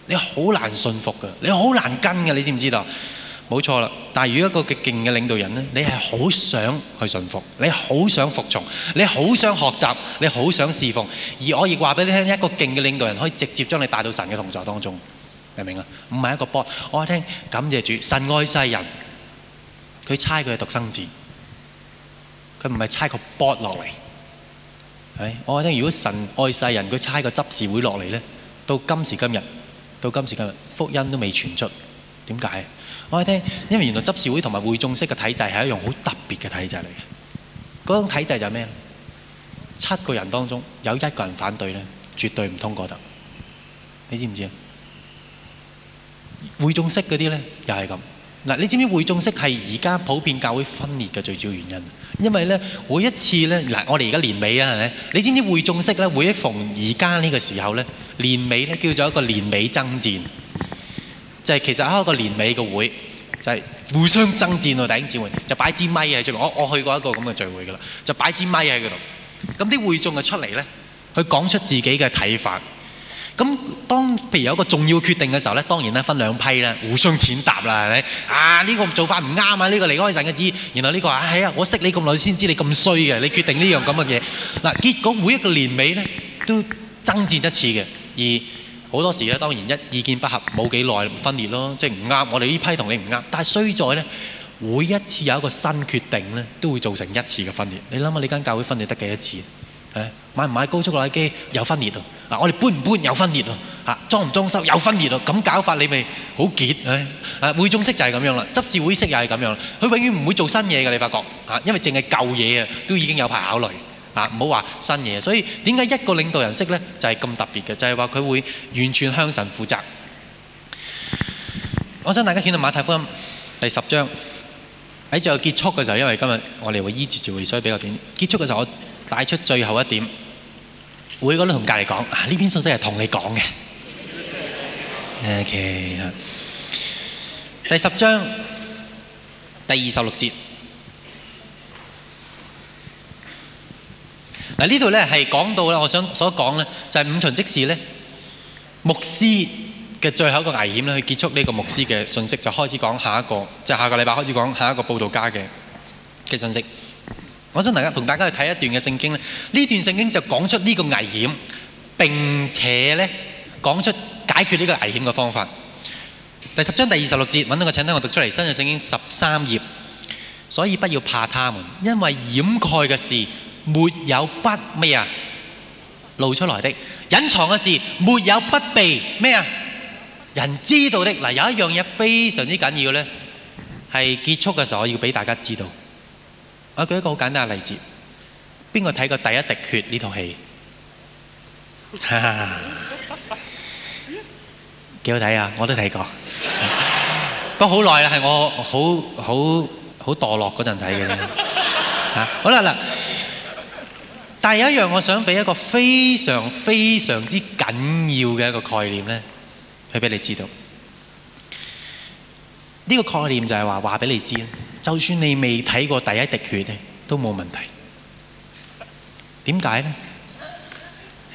Speaker 1: 你好難信服嘅，你好難跟嘅，你知唔知道？冇錯啦，但係如果一個極勁嘅領導人呢，你係好想去順服，你好想服從，你好想學習，你好想侍奉。而我亦話俾你聽，一個勁嘅領導人可以直接將你帶到神嘅同座當中，明唔明啊？唔係一個 board。我說聽，感謝主，神愛世人，佢差佢係獨生子，佢唔係差個 board 落嚟。係我說聽，如果神愛世人，佢差個執事會落嚟呢，到今時今日，到今時今日，福音都未傳出，點解？我講俾你聽，因為原來執事會同埋會眾式嘅體制係一種好特別嘅體制嚟嘅。嗰種體制就係咩咧？七個人當中有一個人反對咧，絕對唔通過得。你知唔知啊？會眾式嗰啲咧，又係咁。嗱，你知唔知會眾式係而家普遍教會分裂嘅最主要原因？因為咧，每一次咧，嗱，我哋而家年尾啊，係咪？你知唔知會眾式咧？每逢而家呢個時候咧，年尾咧，叫做一個年尾爭戰。就係其實開個年尾嘅會，就係互相爭戰喎，弟兄姊妹，就擺支咪喺出邊，我我去過一個咁嘅聚會㗎喇，就擺支咪喺度。咁啲會眾就出嚟咧，佢講出自己嘅睇法。咁當譬如有一個重要決定嘅時候咧，當然咧分兩批咧，互相踐踏啦，係咪？啊，呢個做法唔啱啊，呢個離開神嘅旨意。然後呢個話係啊，我識你咁耐先知你咁衰嘅，你決定呢樣咁嘅嘢。嗱，結果每一個年尾咧都爭戰一次嘅，而好多時咧，當然一意見不合冇幾耐分裂咯，即係唔啱。我哋呢批同你唔啱，但係衰在咧，每一次有一個新決定咧，都會造成一次嘅分裂。你諗下，你間教會分裂得幾多次？誒，買唔買高速垃圾機又分裂喎？嗱，我哋搬唔搬又分裂喎？嚇，裝唔裝修又分裂喎？咁搞法你咪好結誒？啊，會眾式就係咁樣啦，執事會式又係咁樣啦。佢永遠唔會做新嘢㗎，你發覺嚇，因為淨係舊嘢啊，都已經有排考慮。啊，唔好話新嘢，所以點解一個領導人識咧，就係咁特別嘅，就係話佢會完全向神負責。我想大家睇到馬太福音第十章喺最後結束嘅時候，因為今日我哋會醫治住會，所以比較短。結束嘅時候，我帶出最後一點，每個都同隔離講啊，呢篇信息係同你講嘅。OK 啦，第十章第二十六節。嗱，呢度呢係講到啦，我想所講呢，就係五旬職事呢牧師嘅最後一個危險咧，去結束呢個牧師嘅信息，就開始講下一個，就是下個禮拜開始講下一個報道家嘅嘅信息。我想大家同大家去睇一段嘅聖經咧，呢段聖經就講出呢個危險，並且呢講出解決呢個危險嘅方法。第十章第二十六節揾到個，請聽我讀出嚟。新約聖經十三頁，所以不要怕他們，因為掩蓋嘅事。沒有不咩啊露出來的，隱藏嘅事沒有不被咩啊人知道的。嗱，有一樣嘢非常之緊要嘅咧，係結束嘅時候我要俾大家知道。我舉一個好簡單嘅例子，邊個睇過《第一滴血》呢套戲？幾好睇啊！我都睇過，不過好耐啦，係我好好好墮落嗰陣睇嘅。嚇！好啦，嗱。但係有一樣，我想俾一個非常非常之緊要嘅一個概念咧，去俾你知道。呢個概念就係話：話俾你知，就算你未睇過第一滴血咧，都冇問題。點解咧？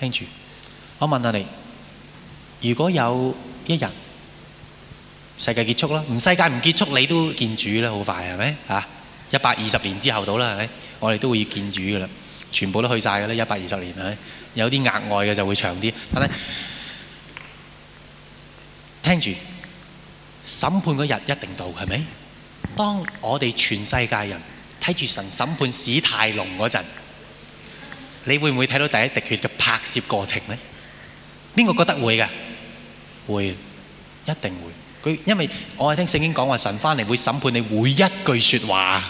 Speaker 1: 聽住，我問下你：如果有一日世界結束啦，唔世界唔結束，你都見主啦，好快係咪？嚇，一百二十年之後到啦，係咪？我哋都會見主噶啦。全部都去晒㗎啦。一百二十年咧，有啲額外嘅就會長啲。但係聽住，審判嗰日一定到，係咪？當我哋全世界人睇住神審判史泰龍嗰陣，你會唔會睇到第一滴血嘅拍攝過程咧？邊個覺得會㗎？會，一定會。佢因為我係聽聖經講話，神翻嚟會審判你每一句説話。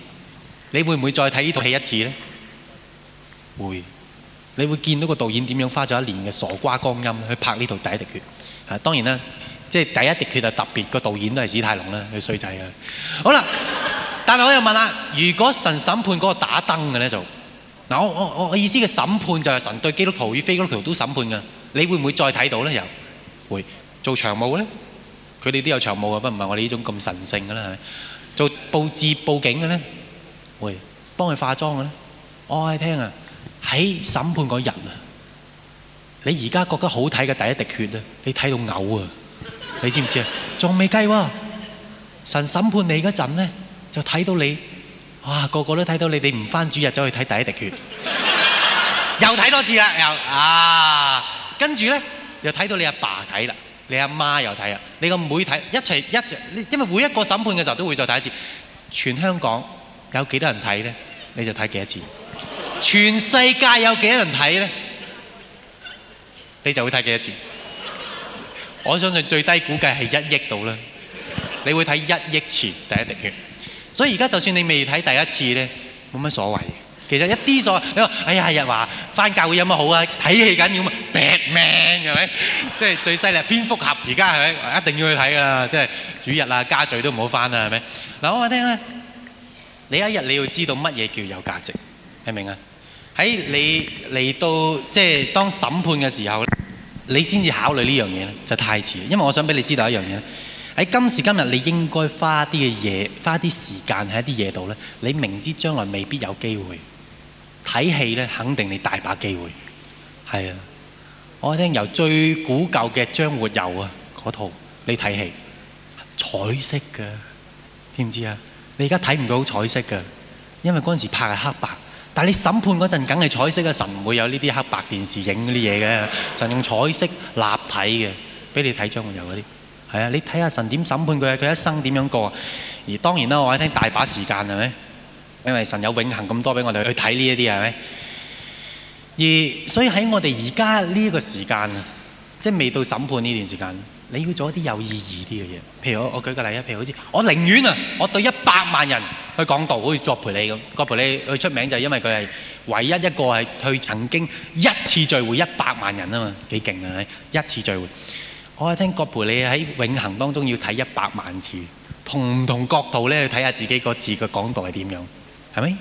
Speaker 1: 你會唔會再睇呢套戲一次咧？會，你會見到個導演點樣花咗一年嘅傻瓜光陰去拍呢套第一滴血？啊，當然啦，即係第一滴血就特別個導演都係史泰龍啦，佢衰仔啊！好啦，但係我又問啦，如果神審判嗰個打燈嘅咧，就嗱我我我的意思嘅審判就係神對基督徒與非基督徒都審判嘅，你會唔會再睇到咧？又會做場務咧？佢哋都有場務嘅，不唔係我哋呢種咁神聖嘅啦？係做布置布景嘅咧？喂，幫佢化妝嘅咧，我、哦、係聽啊喺審判嗰日啊，你而家覺得好睇嘅第一滴血啊，你睇到嘔啊，你知唔知啊？仲未計喎，神審判你嗰陣咧，就睇到你啊，個個都睇到你哋唔返主日，走去睇第一滴血，又睇多次啦，又啊，跟住咧又睇到你阿爸睇啦，你阿媽又睇啊，你個妹睇一齊一,一，因為每一個審判嘅時候都會再睇一次全香港。有幾多人睇咧？你就睇幾多次。全世界有幾多人睇咧？你就會睇幾多次。我相信最低估計係一億度啦。你會睇一億次第一滴血。所以而家就算你未睇第一次咧，冇乜所謂。其實一啲所，你話哎呀人話返教會有乜好啊？睇戲緊要啊！Batman 係咪？即係最犀利蝙蝠俠，而家係咪一定要去睇㗎？即係主日啊，家聚都唔好翻啦，係咪？嗱，我話聽咧。你一日你要知道乜嘢叫有價值，明唔明啊？喺你嚟到即係當審判嘅時候，你先至考慮呢樣嘢咧，就太遲。因為我想俾你知道一樣嘢，喺今時今日，你應該花啲嘅嘢，花啲時間喺一啲嘢度咧。你明知將來未必有機會睇戲咧，肯定你大把機會。係啊，我聽由最古舊嘅《張活游》啊嗰套你睇戲，彩色嘅，知唔知啊？你而家睇唔到彩色噶，因為嗰陣時拍係黑白。但係你審判嗰陣，梗係彩色啊！神唔會有呢啲黑白電視影嗰啲嘢嘅，神用彩色立體嘅，俾你睇張國友嗰啲。係啊，你睇下神點審判佢啊，佢一生點樣過啊？而當然啦，我喺聽大把時間係咪？因為神有永恆咁多俾我哋去睇呢一啲係咪？而所以喺我哋而家呢個時間啊，即係未到審判呢段時間。你要做一啲有意義啲嘅嘢，譬如我我舉個例啊，譬如好似我寧願啊，我對一百萬人去講道，好似葛培理咁，葛培理佢出名就係因為佢係唯一一個係佢曾經一次聚會一百萬人啊嘛，幾勁啊！一次聚會，我係聽葛培理喺《永恆》當中要睇一百萬次，同唔同角度咧去睇下自己個次嘅講道係點樣，係咪？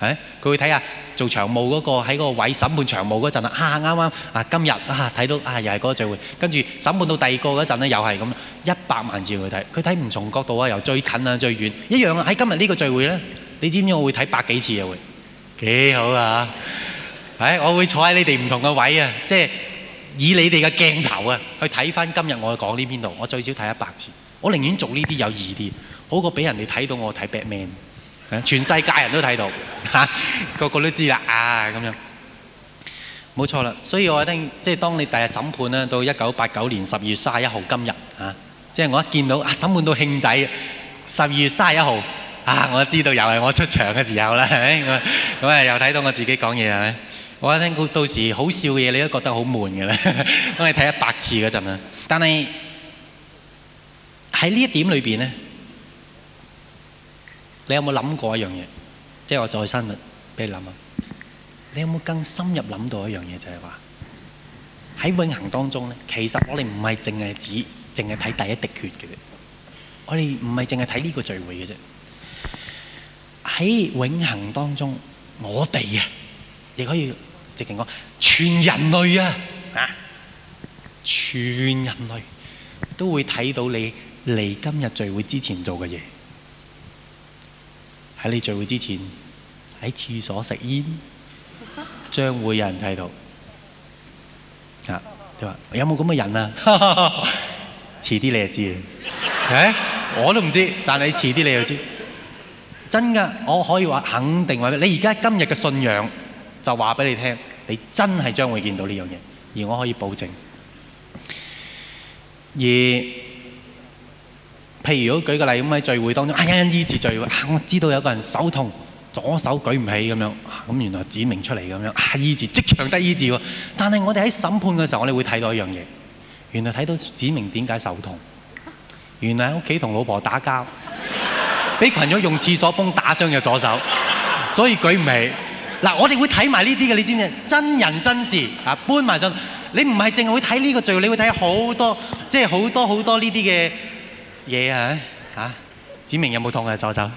Speaker 1: 誒，佢會睇下做長務嗰、嗰個喺嗰個位審判長務嗰陣啊，啱啱啊今日啊睇到啊又係嗰個聚會，跟住審判到第二個嗰陣咧又係咁，一百萬字去睇，佢睇唔從角度啊，由最近啊最遠一樣啊。喺今日呢個聚會咧，你知唔知我會睇百幾次啊？會幾好啊！誒、啊？我會坐喺你哋唔同嘅位啊，即係以你哋嘅鏡頭啊去睇翻今日我講呢邊度，我最少睇一百次，我寧願做呢啲有意啲，好過俾人哋睇到我睇 Batman。全世界人都睇到，嚇個個都知啦，啊咁樣，冇錯啦。所以我一聽即係當你第日審判啦，到一九八九年十二月三十一號今日，嚇，即係我一見到審判到慶仔十二月三十一號，啊，我知道又係我出場嘅時候啦，係咪？咁啊，又睇到我自己講嘢係咪？我一聽到到時好笑嘅嘢，你都覺得好悶嘅啦，咁你睇一百次嗰陣啦。但係喺呢一點裏邊咧。你有冇諗過一樣嘢？即係我再深入俾你諗啊！你有冇更深入諗到一樣嘢？就係話喺永恆當中咧，其實我哋唔係淨係指淨係睇第一滴血嘅啫。我哋唔係淨係睇呢個聚會嘅啫。喺永恆當中，我哋啊，亦可以直情講全人類啊，啊，全人類都會睇到你嚟今日聚會之前做嘅嘢。喺你聚會之前，喺廁所食煙，將會有人睇到。 啊，你話有冇咁嘅人啊？遲 啲你就知啦、 欸。我都唔知，但係你遲啲你就知。真㗎，我可以話肯定話俾你。而家今日嘅信仰，就話俾你聽，你真係將會見到呢樣嘢，而我可以保證。而譬如如果舉個例咁喺聚會當中啊，醫治聚會啊，我知道有個人手痛，左手舉唔起咁樣，咁、啊、原來指明出嚟咁樣啊，醫治即場得醫治喎。但係我哋喺審判嘅時候，我哋會睇到一樣嘢，原來睇到指明點解手痛，原來喺屋企同老婆打交，俾群組用廁所泵打傷咗左手，所以舉唔起。嗱、啊，我哋會睇埋呢啲嘅，你知唔知？真人真事啊，搬埋上，你唔係淨係會睇呢個聚會，你會睇好多，即係好多好多呢啲嘅。嘢啊嚇！子明有冇痛啊？走走，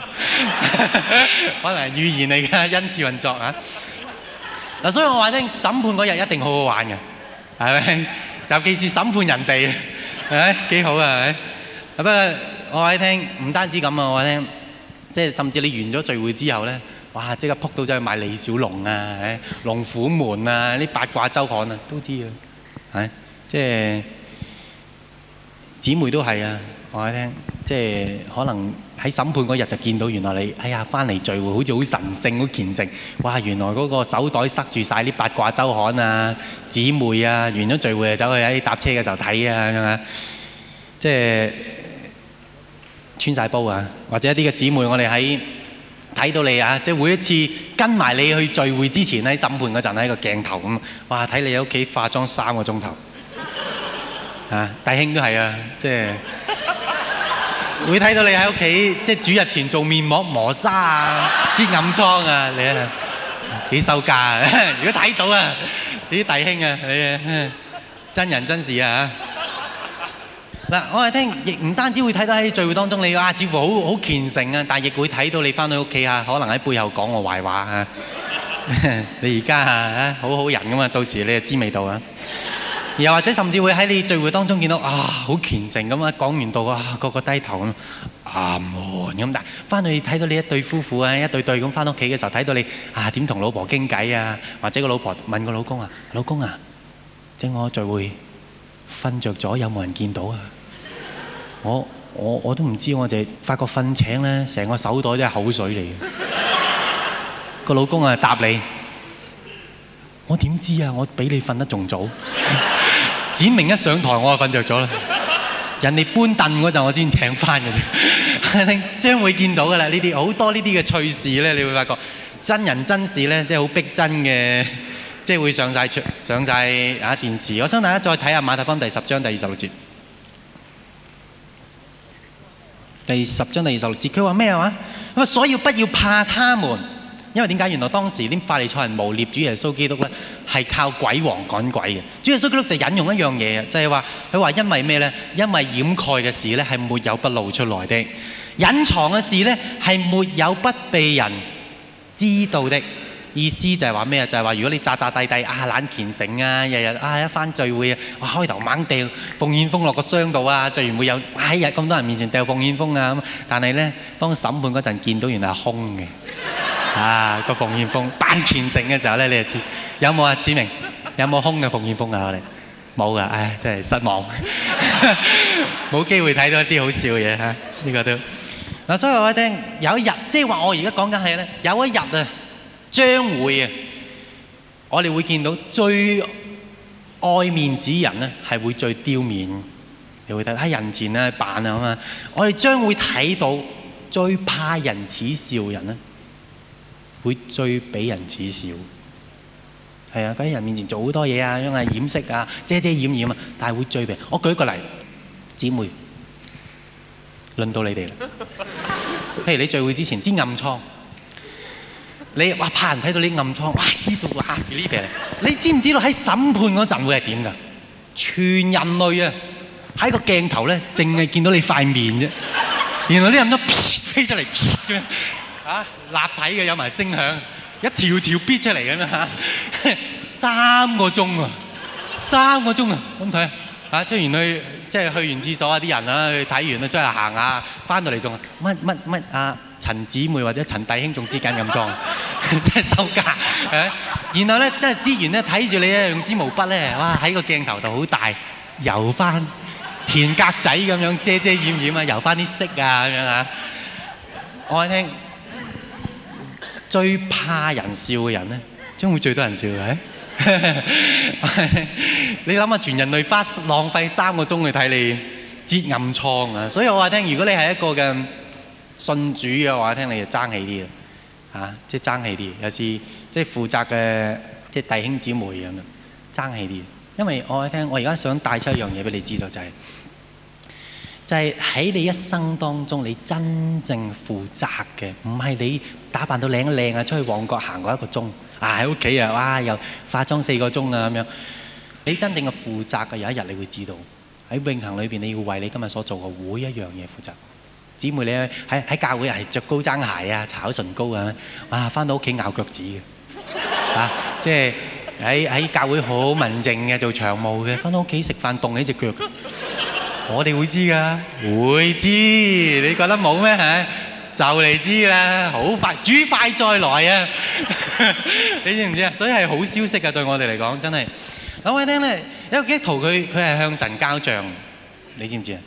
Speaker 1: 可能係語言嚟嘅恩賜運作啊！嗱，所以我話聽審判嗰日一定好好玩嘅，係咪？尤其是審判人哋，係咪幾好啊？係不過我話你聽唔單止咁啊，我話聽即係甚至你完咗聚會之後咧，哇！即刻撲到就去買李小龍啊，龍虎門啊，呢八卦周刊啊，都知啊，係即係姊妹都係啊！我一聽，即係可能喺審判嗰日就見到，原來你哎呀翻嚟聚會好似好神聖、好虔誠。哇！原來嗰個手袋塞住曬啲八卦週刊啊、姊妹啊，完咗聚會就走去喺搭車嘅時候睇啊，咁樣，即係穿曬煲啊，或者一啲嘅姊妹，我哋喺睇到你啊，即係每一次跟埋你去聚會之前喺審判嗰陣喺個鏡頭咁，哇！睇你喺屋企化妝三個鐘頭啊，弟兄都係啊，即係。會睇到你喺屋企，即係主日前做面膜磨砂啊，啲暗瘡啊，你啊幾收價啊？如果睇到啊，你啲弟兄啊，你啊，真人真事啊嚇！嗱，我係聽，亦唔單止會睇到喺聚會當中你阿子寶好好虔誠啊，但係亦會睇到你返到屋企嚇，可能喺背後講我壞話嚇。你而家嚇好好人㗎嘛，到時你就知味道啦。又或者甚至會喺你聚會當中見到啊，好虔誠咁啊，講完道啊，個個低頭咁啊，阿門咁。但係翻去睇到你一對夫婦啊，一對對咁翻屋企嘅時候，睇到你啊，點同老婆傾偈啊？或者個老婆問個老公啊：老公啊，正我聚會瞓著咗，有冇人見到啊？我我我都唔知，我哋發覺瞓醒咧，成個手袋都係口水嚟嘅。個老公啊，答你：我點知啊？我比你瞓得仲早。展明一上台，我就瞓着咗啦。人哋搬凳嗰陣，我先請翻嘅啫。你 將會見到嘅啦，呢啲好多呢啲嘅趣事咧，你會發覺真人真事咧，即係好逼真嘅，即係會上曬上曬啊電視。我想大家再睇下馬太福音第十章第二十六節，第十章第二十六節，佢話咩啊？話咁啊，所以不要怕他們。因為點解？原來當時啲法利賽人污蔑主耶穌基督咧，係靠鬼王趕鬼嘅。主耶穌基督就引用一樣嘢就係話佢話因為咩呢？因為掩蓋嘅事呢係沒有不露出來的，隱藏嘅事呢係沒有不被人知道的。意思就係話咩啊？就係話如果你詐詐諦諦啊懶虔誠啊，日日啊，天天啊，啊一返聚會啊，我開頭猛掉，奉獻封落個箱度啊，聚完會有喺日咁多人面前掉奉獻封啊咁，但係呢，當審判嗰陣見到原來係空嘅。啊！個馮燕峰扮虔誠嘅時候咧，你就知有冇啊？子明有冇空嘅馮燕峰啊？我哋冇噶，唉，真係失望，冇機會睇到一啲好笑嘅嘢嚇。呢、啊這個都嗱，所以我聽有一日，即係話我而家講緊係咧，有一日啊，將會啊，我哋會見到最愛面子人咧，係會最丟面。你會睇喺人前咧扮啊嘛、啊，我哋將會睇到最怕人恥笑人咧、啊。會最俾人恥笑，係啊！喺人面前做好多嘢啊，因為掩飾啊，遮遮掩掩啊。但係會最平。我舉個例，姊妹，輪到你哋啦。譬如、 hey，你聚會之前支暗瘡，你哇怕人睇到你暗瘡，哇知道啊呢 h 你知唔知道喺審判嗰陣會係點㗎？全人類啊，喺個鏡頭咧，淨係見到你塊面啫。原來啲暗瘡飛出嚟嚇，立體嘅有埋聲響，一條條逼出嚟咁樣嚇，三個鐘喎，三個鐘啊，咁睇下嚇，出完去即係去完廁所啊啲人啦，去睇完啦，出嚟行下，翻到嚟仲乜乜乜啊？陳姊妹或者陳弟兄仲之間咁裝，真係收假誒！然後咧，即係資源咧睇住你咧，用支毛筆咧，哇喺個鏡頭度好大，遊翻田格仔咁樣遮遮掩掩啊，遊翻啲色啊咁樣嚇，我哋聽。最怕人笑嘅人咧，將會最多人笑嘅。啊、 你諗下，全人類花浪費三個鐘去睇你折暗瘡啊！所以我話聽，如果你係一個嘅信主嘅話，聽你，你就爭氣啲啊！即、就、係、是、爭氣啲，有時即係、就是、負責嘅，即、就、係、是、弟兄姊妹咁樣爭氣啲。因為我話聽，我而家想帶出一樣嘢俾你知道，就係、是。就係喺你一生當中，你真正負責嘅，唔係你打扮到靚靚啊，出去旺角行過一個鐘啊，喺屋企啊，哇，又化妝四個鐘啊咁樣。你真正嘅負責嘅，有一日你會知道。喺永恆裏邊，你要為你今日所做嘅每一樣嘢負責。姊妹你喺喺教會係著高踭鞋啊，搽口唇膏啊，哇，翻到屋企咬腳趾嘅。啊，即係喺喺教會好文靜嘅，做長毛嘅，翻到屋企食飯凍起隻腳。我哋會知噶，會知，你覺得冇咩嚇？就嚟知啦，好快，煮快再來啊！你知唔知啊？所以係好消息噶，對我哋嚟講真係。咁我聽咧，因為一個基督徒佢佢係向神交帳，你知唔知啊？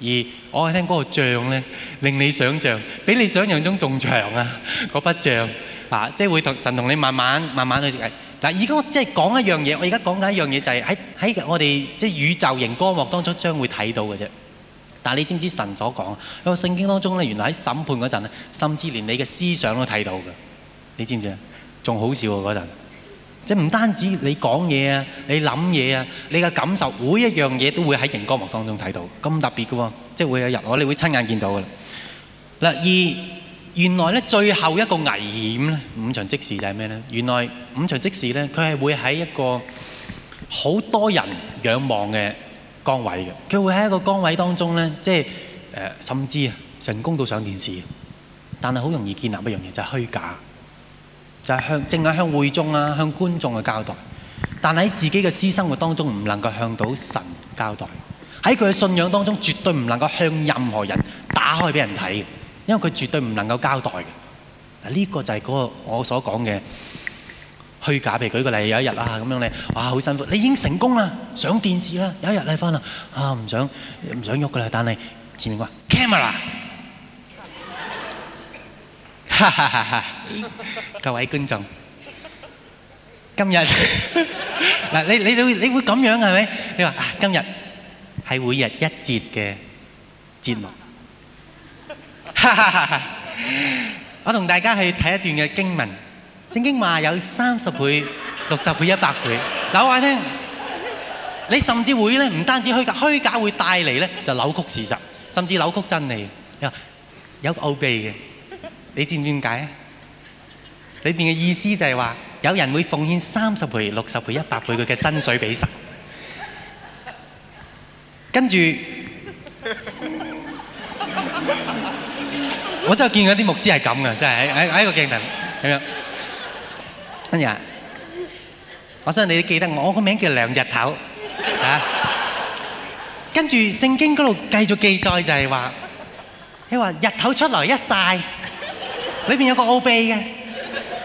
Speaker 1: 而，我係聽嗰個帳咧，令你想象，比你想象中仲長啊，嗰筆帳嗱，即係會同神同你慢慢、慢慢去。嗱，而家我即係講一樣嘢，我而家講緊一樣嘢就係喺喺我哋即係宇宙螢光幕當中將會睇到嘅啫。但係你知唔知神所講喺個聖經當中咧，原來喺審判嗰陣咧，甚至連你嘅思想都睇到嘅。你知唔知啊？仲好笑喎嗰陣，即係唔單止你講嘢啊，你諗嘢啊，你嘅感受，每一樣嘢都會喺螢光幕當中睇到，咁特別嘅喎。即係會有日我哋會親眼見到嘅啦。嗱二。原來咧，最後一個危險咧，五旬職事就係咩呢？原來五旬職事咧，佢係會喺一個好多人仰望嘅崗位嘅，佢會喺一個崗位當中咧，即係、呃、甚至啊成功到上電視，但係好容易建立一樣嘢就係、是、虛假，就係、是、向正喺向會眾啊向觀眾嘅交代，但喺自己嘅私生活當中唔能夠向到神交代，喺佢嘅信仰當中絕對唔能夠向任何人打開俾人睇。因為佢絕對唔能夠交代嘅，嗱呢個就係嗰個我所講嘅虛假。譬如舉個例，有一日啊咁樣咧，哇好辛苦，你已經成功啦，上電視啦，有一日你返啦，啊唔想唔想喐㗎啦，但係前面話 Camera，哈哈哈哈！各位觀眾，今日嗱你你你會你會咁樣係咪？你話今日係每日一節嘅節目。 我同大家去睇一段嘅經文。聖經話有三十倍、六十倍、一百倍。扭下聽，你甚至會咧，唔單止虛假，虛假會帶嚟咧就扭曲事實，甚至扭曲真理。有有奧秘嘅，你知唔知點解啊？裏邊嘅意思就係話，有人會奉獻三十倍、六十倍、一百倍佢嘅薪水俾神，跟住。 我真係見嗰啲牧師係咁嘅，真係喺個鏡頭咁樣。乜嘢？我相信你都記得我，我個名叫梁日頭吓。跟住聖經嗰度繼續記載就係話，你話日頭出來一曬，裏邊有個奧秘嘅，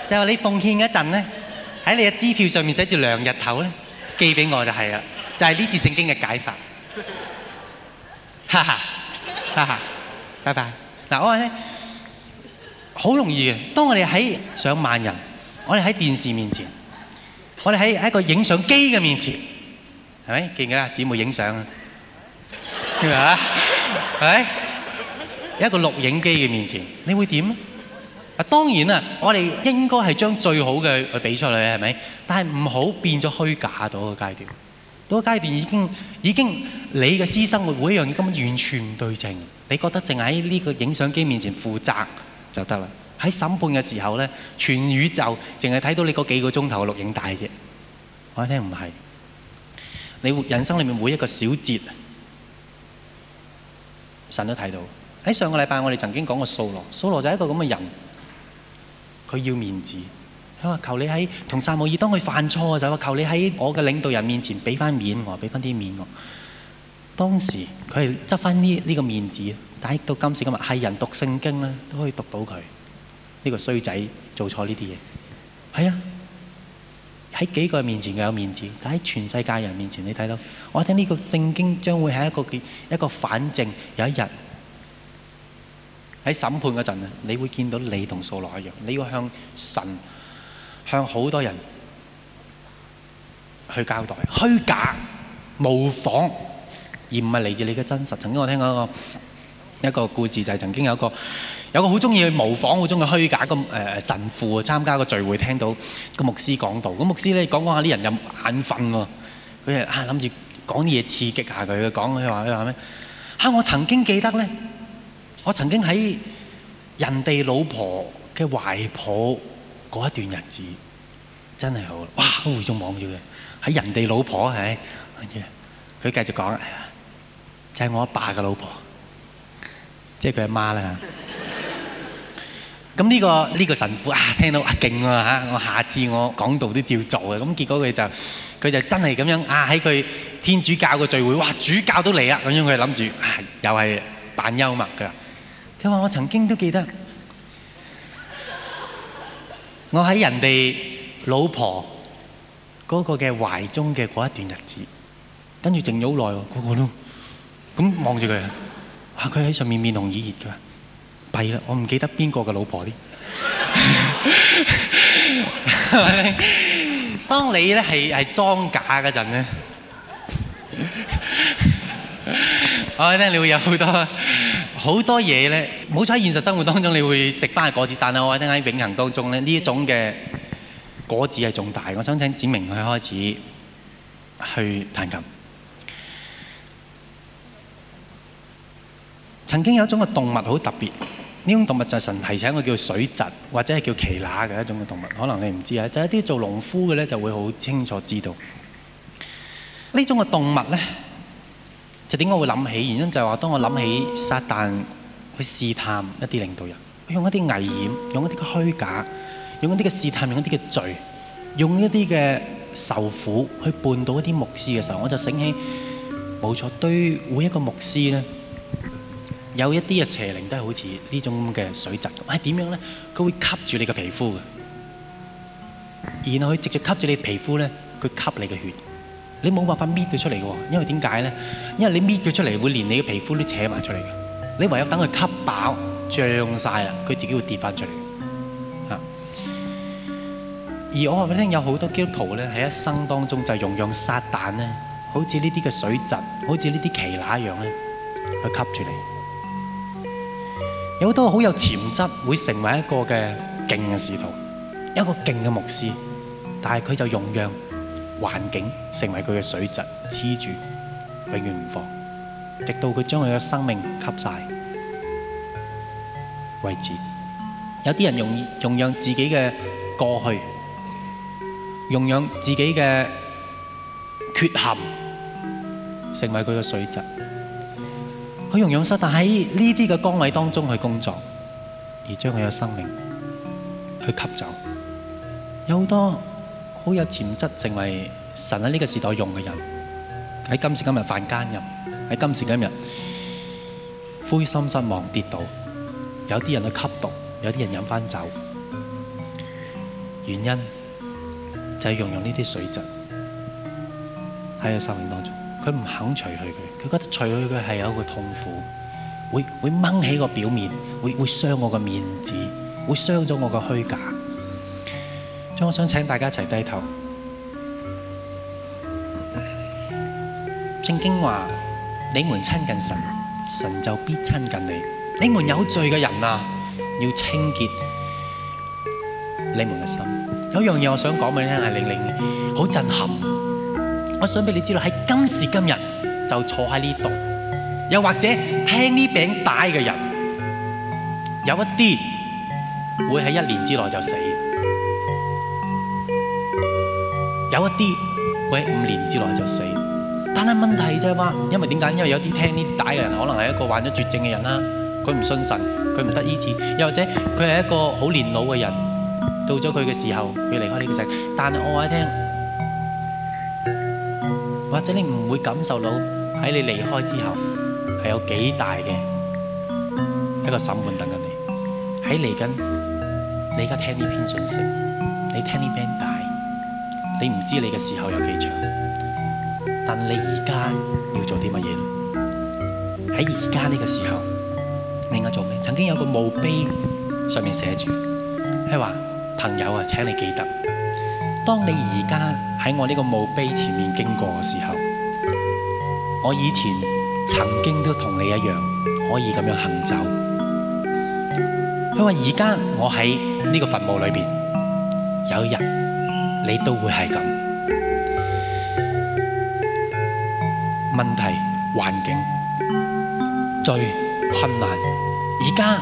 Speaker 1: 就係你奉獻嗰陣咧，喺你嘅支票上面寫住梁日頭咧，寄俾我就係啦，就係呢節聖經嘅解法。哈哈，哈哈。拜拜嗱，我話咧好容易嘅。當我哋喺上萬人，我哋喺電視面前，我哋喺喺一個影相機嘅面前，係咪見嘅啦？姊妹影相啊，係咪啊？係咪一個錄影機嘅面前，你會點咧？啊，當然啦，我哋應該係將最好嘅去俾出嚟，係咪？但係唔好變咗虛假到個階段。到個階段已經已經你嘅私生活會一樣根本完全唔對稱，你覺得淨喺呢個影相機面前負責就得啦，喺審判嘅時候呢，全宇宙淨係睇到你嗰幾個鐘頭錄影帶啫。我一聽唔係，你人生裏面每一個小節，神都睇到。喺上個禮拜我哋曾經講過掃羅，掃羅就係一個咁嘅人，佢要面子。佢話求你喺同撒母耳，當佢犯錯就話求你喺我嘅領導人面前俾翻面，我話俾翻啲面我。當時佢係執翻呢呢個面子，但係到今時今日係人讀聖經咧都可以讀到佢呢個衰仔做錯呢啲嘢。係啊，喺幾個人面前佢有面子，但喺全世界人面前你睇到，我聽呢個聖經將會係一個叫一個反證，有一日喺審判嗰陣啊，你會見到你同掃羅一樣，你要向神。向好多人去交代，虛假、模仿，而唔係嚟自你嘅真實。曾經我聽過一個一個故事，就係、是、曾經有一個有一個好中意去模仿、好中意虛假嘅誒、呃、神父啊，參加個聚會，聽到個牧師講道。咁牧師咧講講下啲人有眼瞓喎、啊，佢啊諗住講啲嘢刺激下佢。講佢話佢話咩？嚇、啊、我曾經記得咧，我曾經喺人哋老婆嘅懷抱。過一段日子真係好，哇！回咗望住佢，喺人哋老婆係，佢繼續講，就係我阿爸嘅老婆，即係佢阿媽啦。咁呢個呢個神父啊，聽到勁喎嚇！我下次我講道都照做嘅。咁結果佢就佢就真係咁樣啊，喺佢天主教嘅聚會，哇！主教都嚟啦，咁樣佢諗住，又係扮幽默㗎。佢話我曾經都記得。我喺人哋老婆嗰個嘅懷中嘅嗰一段日子，跟住靜咗好耐喎，嗰、嗰個都咁望住佢，哇！佢、啊、喺上面面紅耳熱㗎，弊喇！我唔記得邊個嘅老婆啲，係 當你咧係係裝假嗰陣咧。我哋聽你，你會有很多很多好多好多嘢咧，好彩現實生活當中你會食翻嘅果子，但係我哋聽喺永恒當中咧呢一種嘅果子係重大。我想請子明佢開始去彈琴。曾經有一種嘅動物好特別，呢種動物就是神提醒佢叫水蛭或者係叫蜞乸嘅一種嘅動物，可能你唔知啊，就是、一啲做農夫嘅咧就會好清楚知道呢種嘅動物咧。就點解會諗起？原因就係話，當我諗起撒旦去試探一啲領導人，用一啲危險，用一啲嘅虛假，用一啲嘅試探，用一啲嘅罪，用一啲嘅受苦去絆倒一啲牧師嘅時候，我就醒起，冇錯，對於每一個牧師咧，有一啲嘅邪靈都係好似呢種咁嘅水蛭，喂，點樣咧？佢會吸住你嘅皮膚嘅，然後佢直接吸住你嘅皮膚咧，佢吸你嘅血。你冇辦法搣佢出嚟嘅喎，因為點解咧？因為你搣佢出嚟會連你嘅皮膚都扯埋出嚟嘅。你唯有等佢吸飽、漲晒啦，佢自己會跌翻出嚟。啊！而我話俾你聽，有好多基督徒咧，喺一生當中就容讓撒旦咧，好似呢啲嘅水蛭，好似呢啲奇乸一樣咧，去吸住你。有好多好有潛質會成為一個嘅勁嘅使徒，一個勁嘅牧師，但係佢就容讓。環境成為佢嘅水質，黐住永遠唔放，直到佢將佢嘅生命吸晒為止。有啲人容易容讓自己嘅過去，容讓自己嘅缺陷，成為佢嘅水質，佢容讓失，但喺呢啲嘅崗位當中去工作，而將佢嘅生命去吸走，有好多，好有潛質成為神喺呢個時代用嘅人，喺今時今日犯奸人，喺今時今日灰心失望跌倒，有啲人去吸毒，有啲人飲翻酒，原因就係用用呢啲水質喺佢生命當中，佢唔肯除去佢，佢覺得除去佢係有一個痛苦，會會掹起個表面，會會傷我個面子，會傷咗我個虛假。我想請大家一齊低頭。正經話：你們親近神，神就必親近你。你們有罪嘅人啊，要清潔你們嘅心。有一樣嘢我想講俾你聽，係令令好震撼。我想俾你知道喺今時今日就坐喺呢度，又或者聽呢餅帶嘅人，有一啲會喺一年之內就死。有一啲會喺五年之內就死。但係問題就係話，因為點解？因為有啲聽呢啲打嘅人，可能係一個患咗絕症嘅人啦。佢唔信神，佢唔得醫治，又或者佢係一個好年老嘅人，到咗佢嘅時候，佢離開呢個世界。但係我話你聽，或者你唔會感受到喺你離開之後，係有幾大嘅一個審判等緊你。喺嚟緊，你而家聽呢篇信息，你聽呢篇打。你唔知你嘅時候有幾長，但你而家要做啲乜嘢？喺而家呢個時候，你應該做咩？曾經有個墓碑上面寫住，佢話：朋友啊，請你記得，當你而家喺我呢個墓碑前面經過嘅時候，我以前曾經都同你一樣可以咁樣行走。佢話：而家我喺呢個墳墓裏邊，有一日……」你都會係咁，問題環境最困難。而家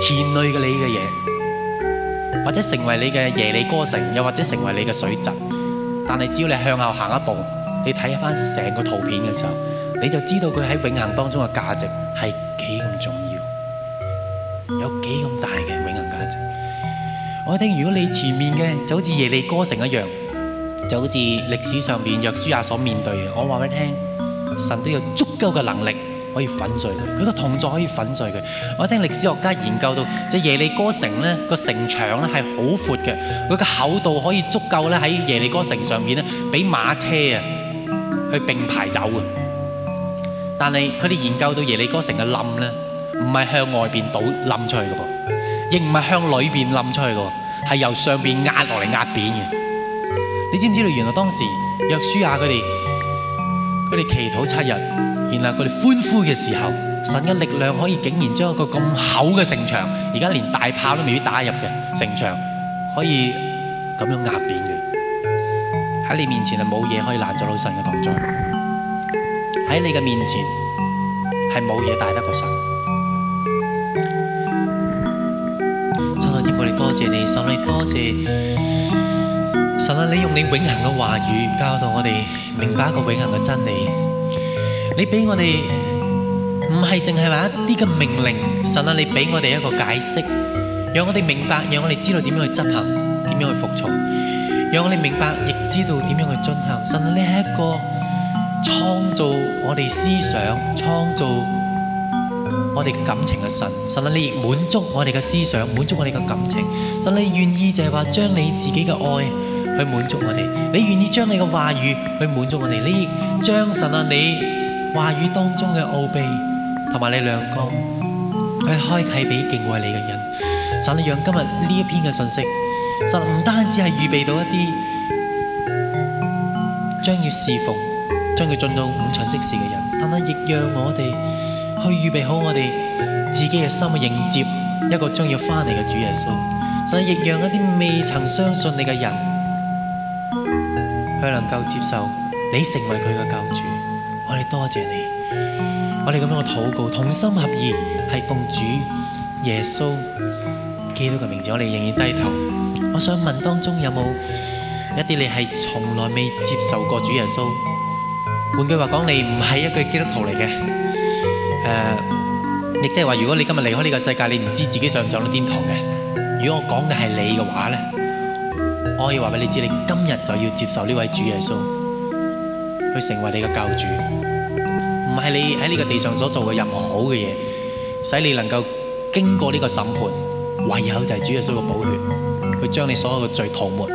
Speaker 1: 前輩嘅你嘅嘢，或者成為你嘅耶利哥城，又或者成為你嘅水澤。但係只要你向後行一步，你睇返成個圖片嘅時候，你就知道佢喺永恆當中嘅價值係幾咁重要。我聽，如果你前面嘅就好似耶利哥城一樣，就好似歷史上邊約書亞所面對嘅。我話俾你聽，神都有足夠嘅能力可以粉碎佢，佢個動作可以粉碎佢。我聽歷史學家研究到，即係耶利哥城咧個城牆咧係好闊嘅，佢個厚度可以足夠咧喺耶利哥城上面咧俾馬車啊去並排走嘅。但係佢哋研究到耶利哥城嘅冧咧，唔係向外邊倒冧出去嘅噃，亦唔係向裏邊冧出去嘅。係由上邊壓落嚟壓扁嘅，你知唔知道？原來當時約書亞佢哋佢哋祈禱七日，然後佢哋歡呼嘅時候，神嘅力量可以竟然將一個咁厚嘅城牆，而家連大炮都未必打入嘅城牆，可以咁樣壓扁嘅。喺你面前係冇嘢可以攔阻到神嘅動作，喺你嘅面前係冇嘢大得過神。謝，謝你，神啊，多謝神啊，你用你永恒嘅話語教導我哋明白一個永恒嘅真理。你俾我哋唔係淨係話一啲嘅命令，神啊，你俾我哋一個解釋，讓我哋明白，讓我哋知道點樣去執行，點樣去服從，讓我哋明白，亦知道點樣去進行。神啊，你係一個創造我哋思想，創造。我哋嘅感情嘅神，神你亦滿足我哋嘅思想，滿足我哋嘅感情。神，你願意就係話將你自己嘅愛去滿足我哋，你願意將你嘅話語去滿足我哋，你亦將神啊你話語當中嘅奧秘同埋你亮光去開啟俾敬畏你嘅人。神，你讓今日呢一篇嘅信息，神唔單止係預備到一啲將要侍奉、將要進到五旬職事嘅人，但係亦讓我哋。去預備好我哋自己嘅心，去迎接一個將要翻嚟嘅主耶穌，使亦讓一啲未曾相信你嘅人，佢能夠接受你成為佢嘅救主。我哋多謝你，我哋咁樣嘅禱告，同心合意係奉主耶穌基督嘅名字，我哋仍然低頭。我想問，當中有冇一啲你係從來未接受過主耶穌？換句話講，你唔係一個基督徒嚟嘅。誒，亦即係話，如果你今日離開呢個世界，你唔知自己上唔上到天堂嘅。如果我講嘅係你嘅話咧，我可以話俾你知，你今日就要接受呢位主耶穌，去成為你嘅救主。唔係你喺呢個地上所做嘅任何好嘅嘢，使你能夠經過呢個審判，唯有就係主耶穌嘅寶血，去將你所有嘅罪塗抹。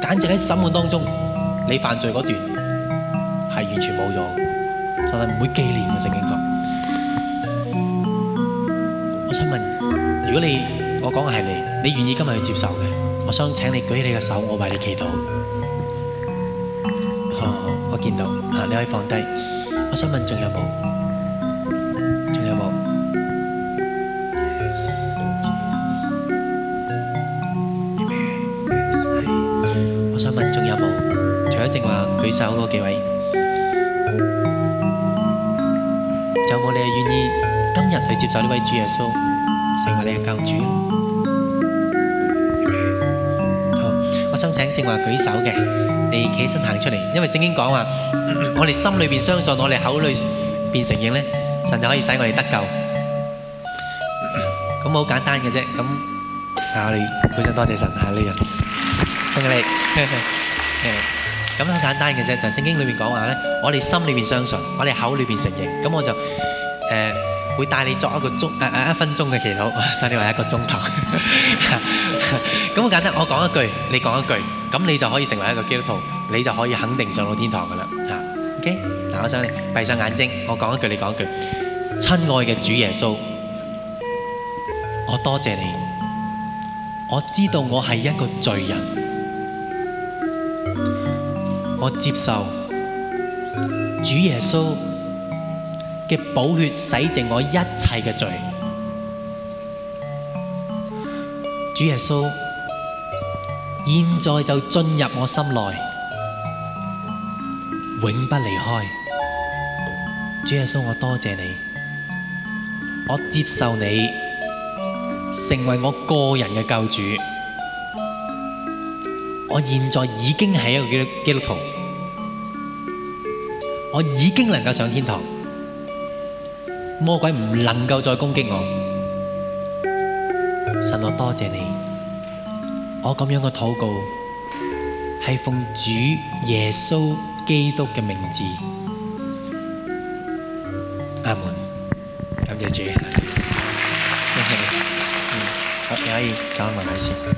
Speaker 1: 簡直喺審判當中，你犯罪嗰段係完全冇咗，所以唔會紀念嘅，聖經講。如果你我講嘅係你，你願意今日去接受嘅，我想請你舉起你嘅手，我為你祈禱。哦，我見到，吓，你可以放低。我想問，仲有冇？仲有冇？我想問，仲有冇？除咗正話舉手嗰幾位，仲有冇你係願意今日去接受呢位主耶穌？聖話你係救主，好，我想請正話舉手嘅，你起身行出嚟，因為聖經講話，我哋心裏邊相信，我哋口裏邊承認咧，神就可以使我哋得救，咁好簡單嘅啫，咁啊你好想多謝神，下呢樣，恭喜你，咁好簡單嘅啫，就聖經裏面講話咧，我哋心裏邊相信，我哋口裏邊承認，咁我就。會帶你作一個鐘誒誒，一分鐘嘅祈禱，當你話一個鐘頭咁好簡單。我講一句，你講一句，咁你就可以成為一個基督徒，你就可以肯定上到天堂㗎啦。嚇，OK，嗱，我想閉上眼睛，我講一句，你講一句。親愛嘅主耶穌，我多謝你。我知道我係一個罪人，我接受主耶穌嘅寶血洗淨我一切嘅罪，主耶穌，現在就進入我心內，永不離開。主耶穌，我多謝你，我接受你成為我個人嘅救主。我現在已經係一個基督徒，我已經能夠上天堂。魔鬼唔能夠再攻擊我，神，我多謝你，我咁樣嘅禱告係奉主耶穌基督嘅名字，阿門。感謝主。 嗯，你可以阿姨走埋嚟先。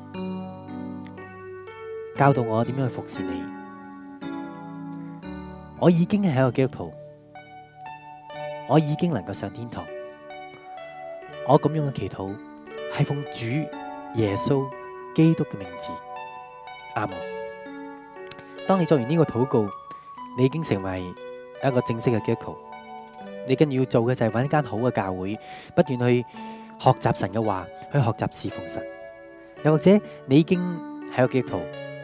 Speaker 1: 教導我點樣去服侍你，我已經係一個基督徒，我已經能夠上天堂。我咁樣嘅祈禱係奉主耶穌基督嘅名字，阿門。當你做完呢個禱告，你已經成為一個正式嘅基督徒。你跟住要做嘅就係揾一間好嘅教會，不斷去學習神嘅話，去學習侍奉神。又或者你已經係一個基督徒。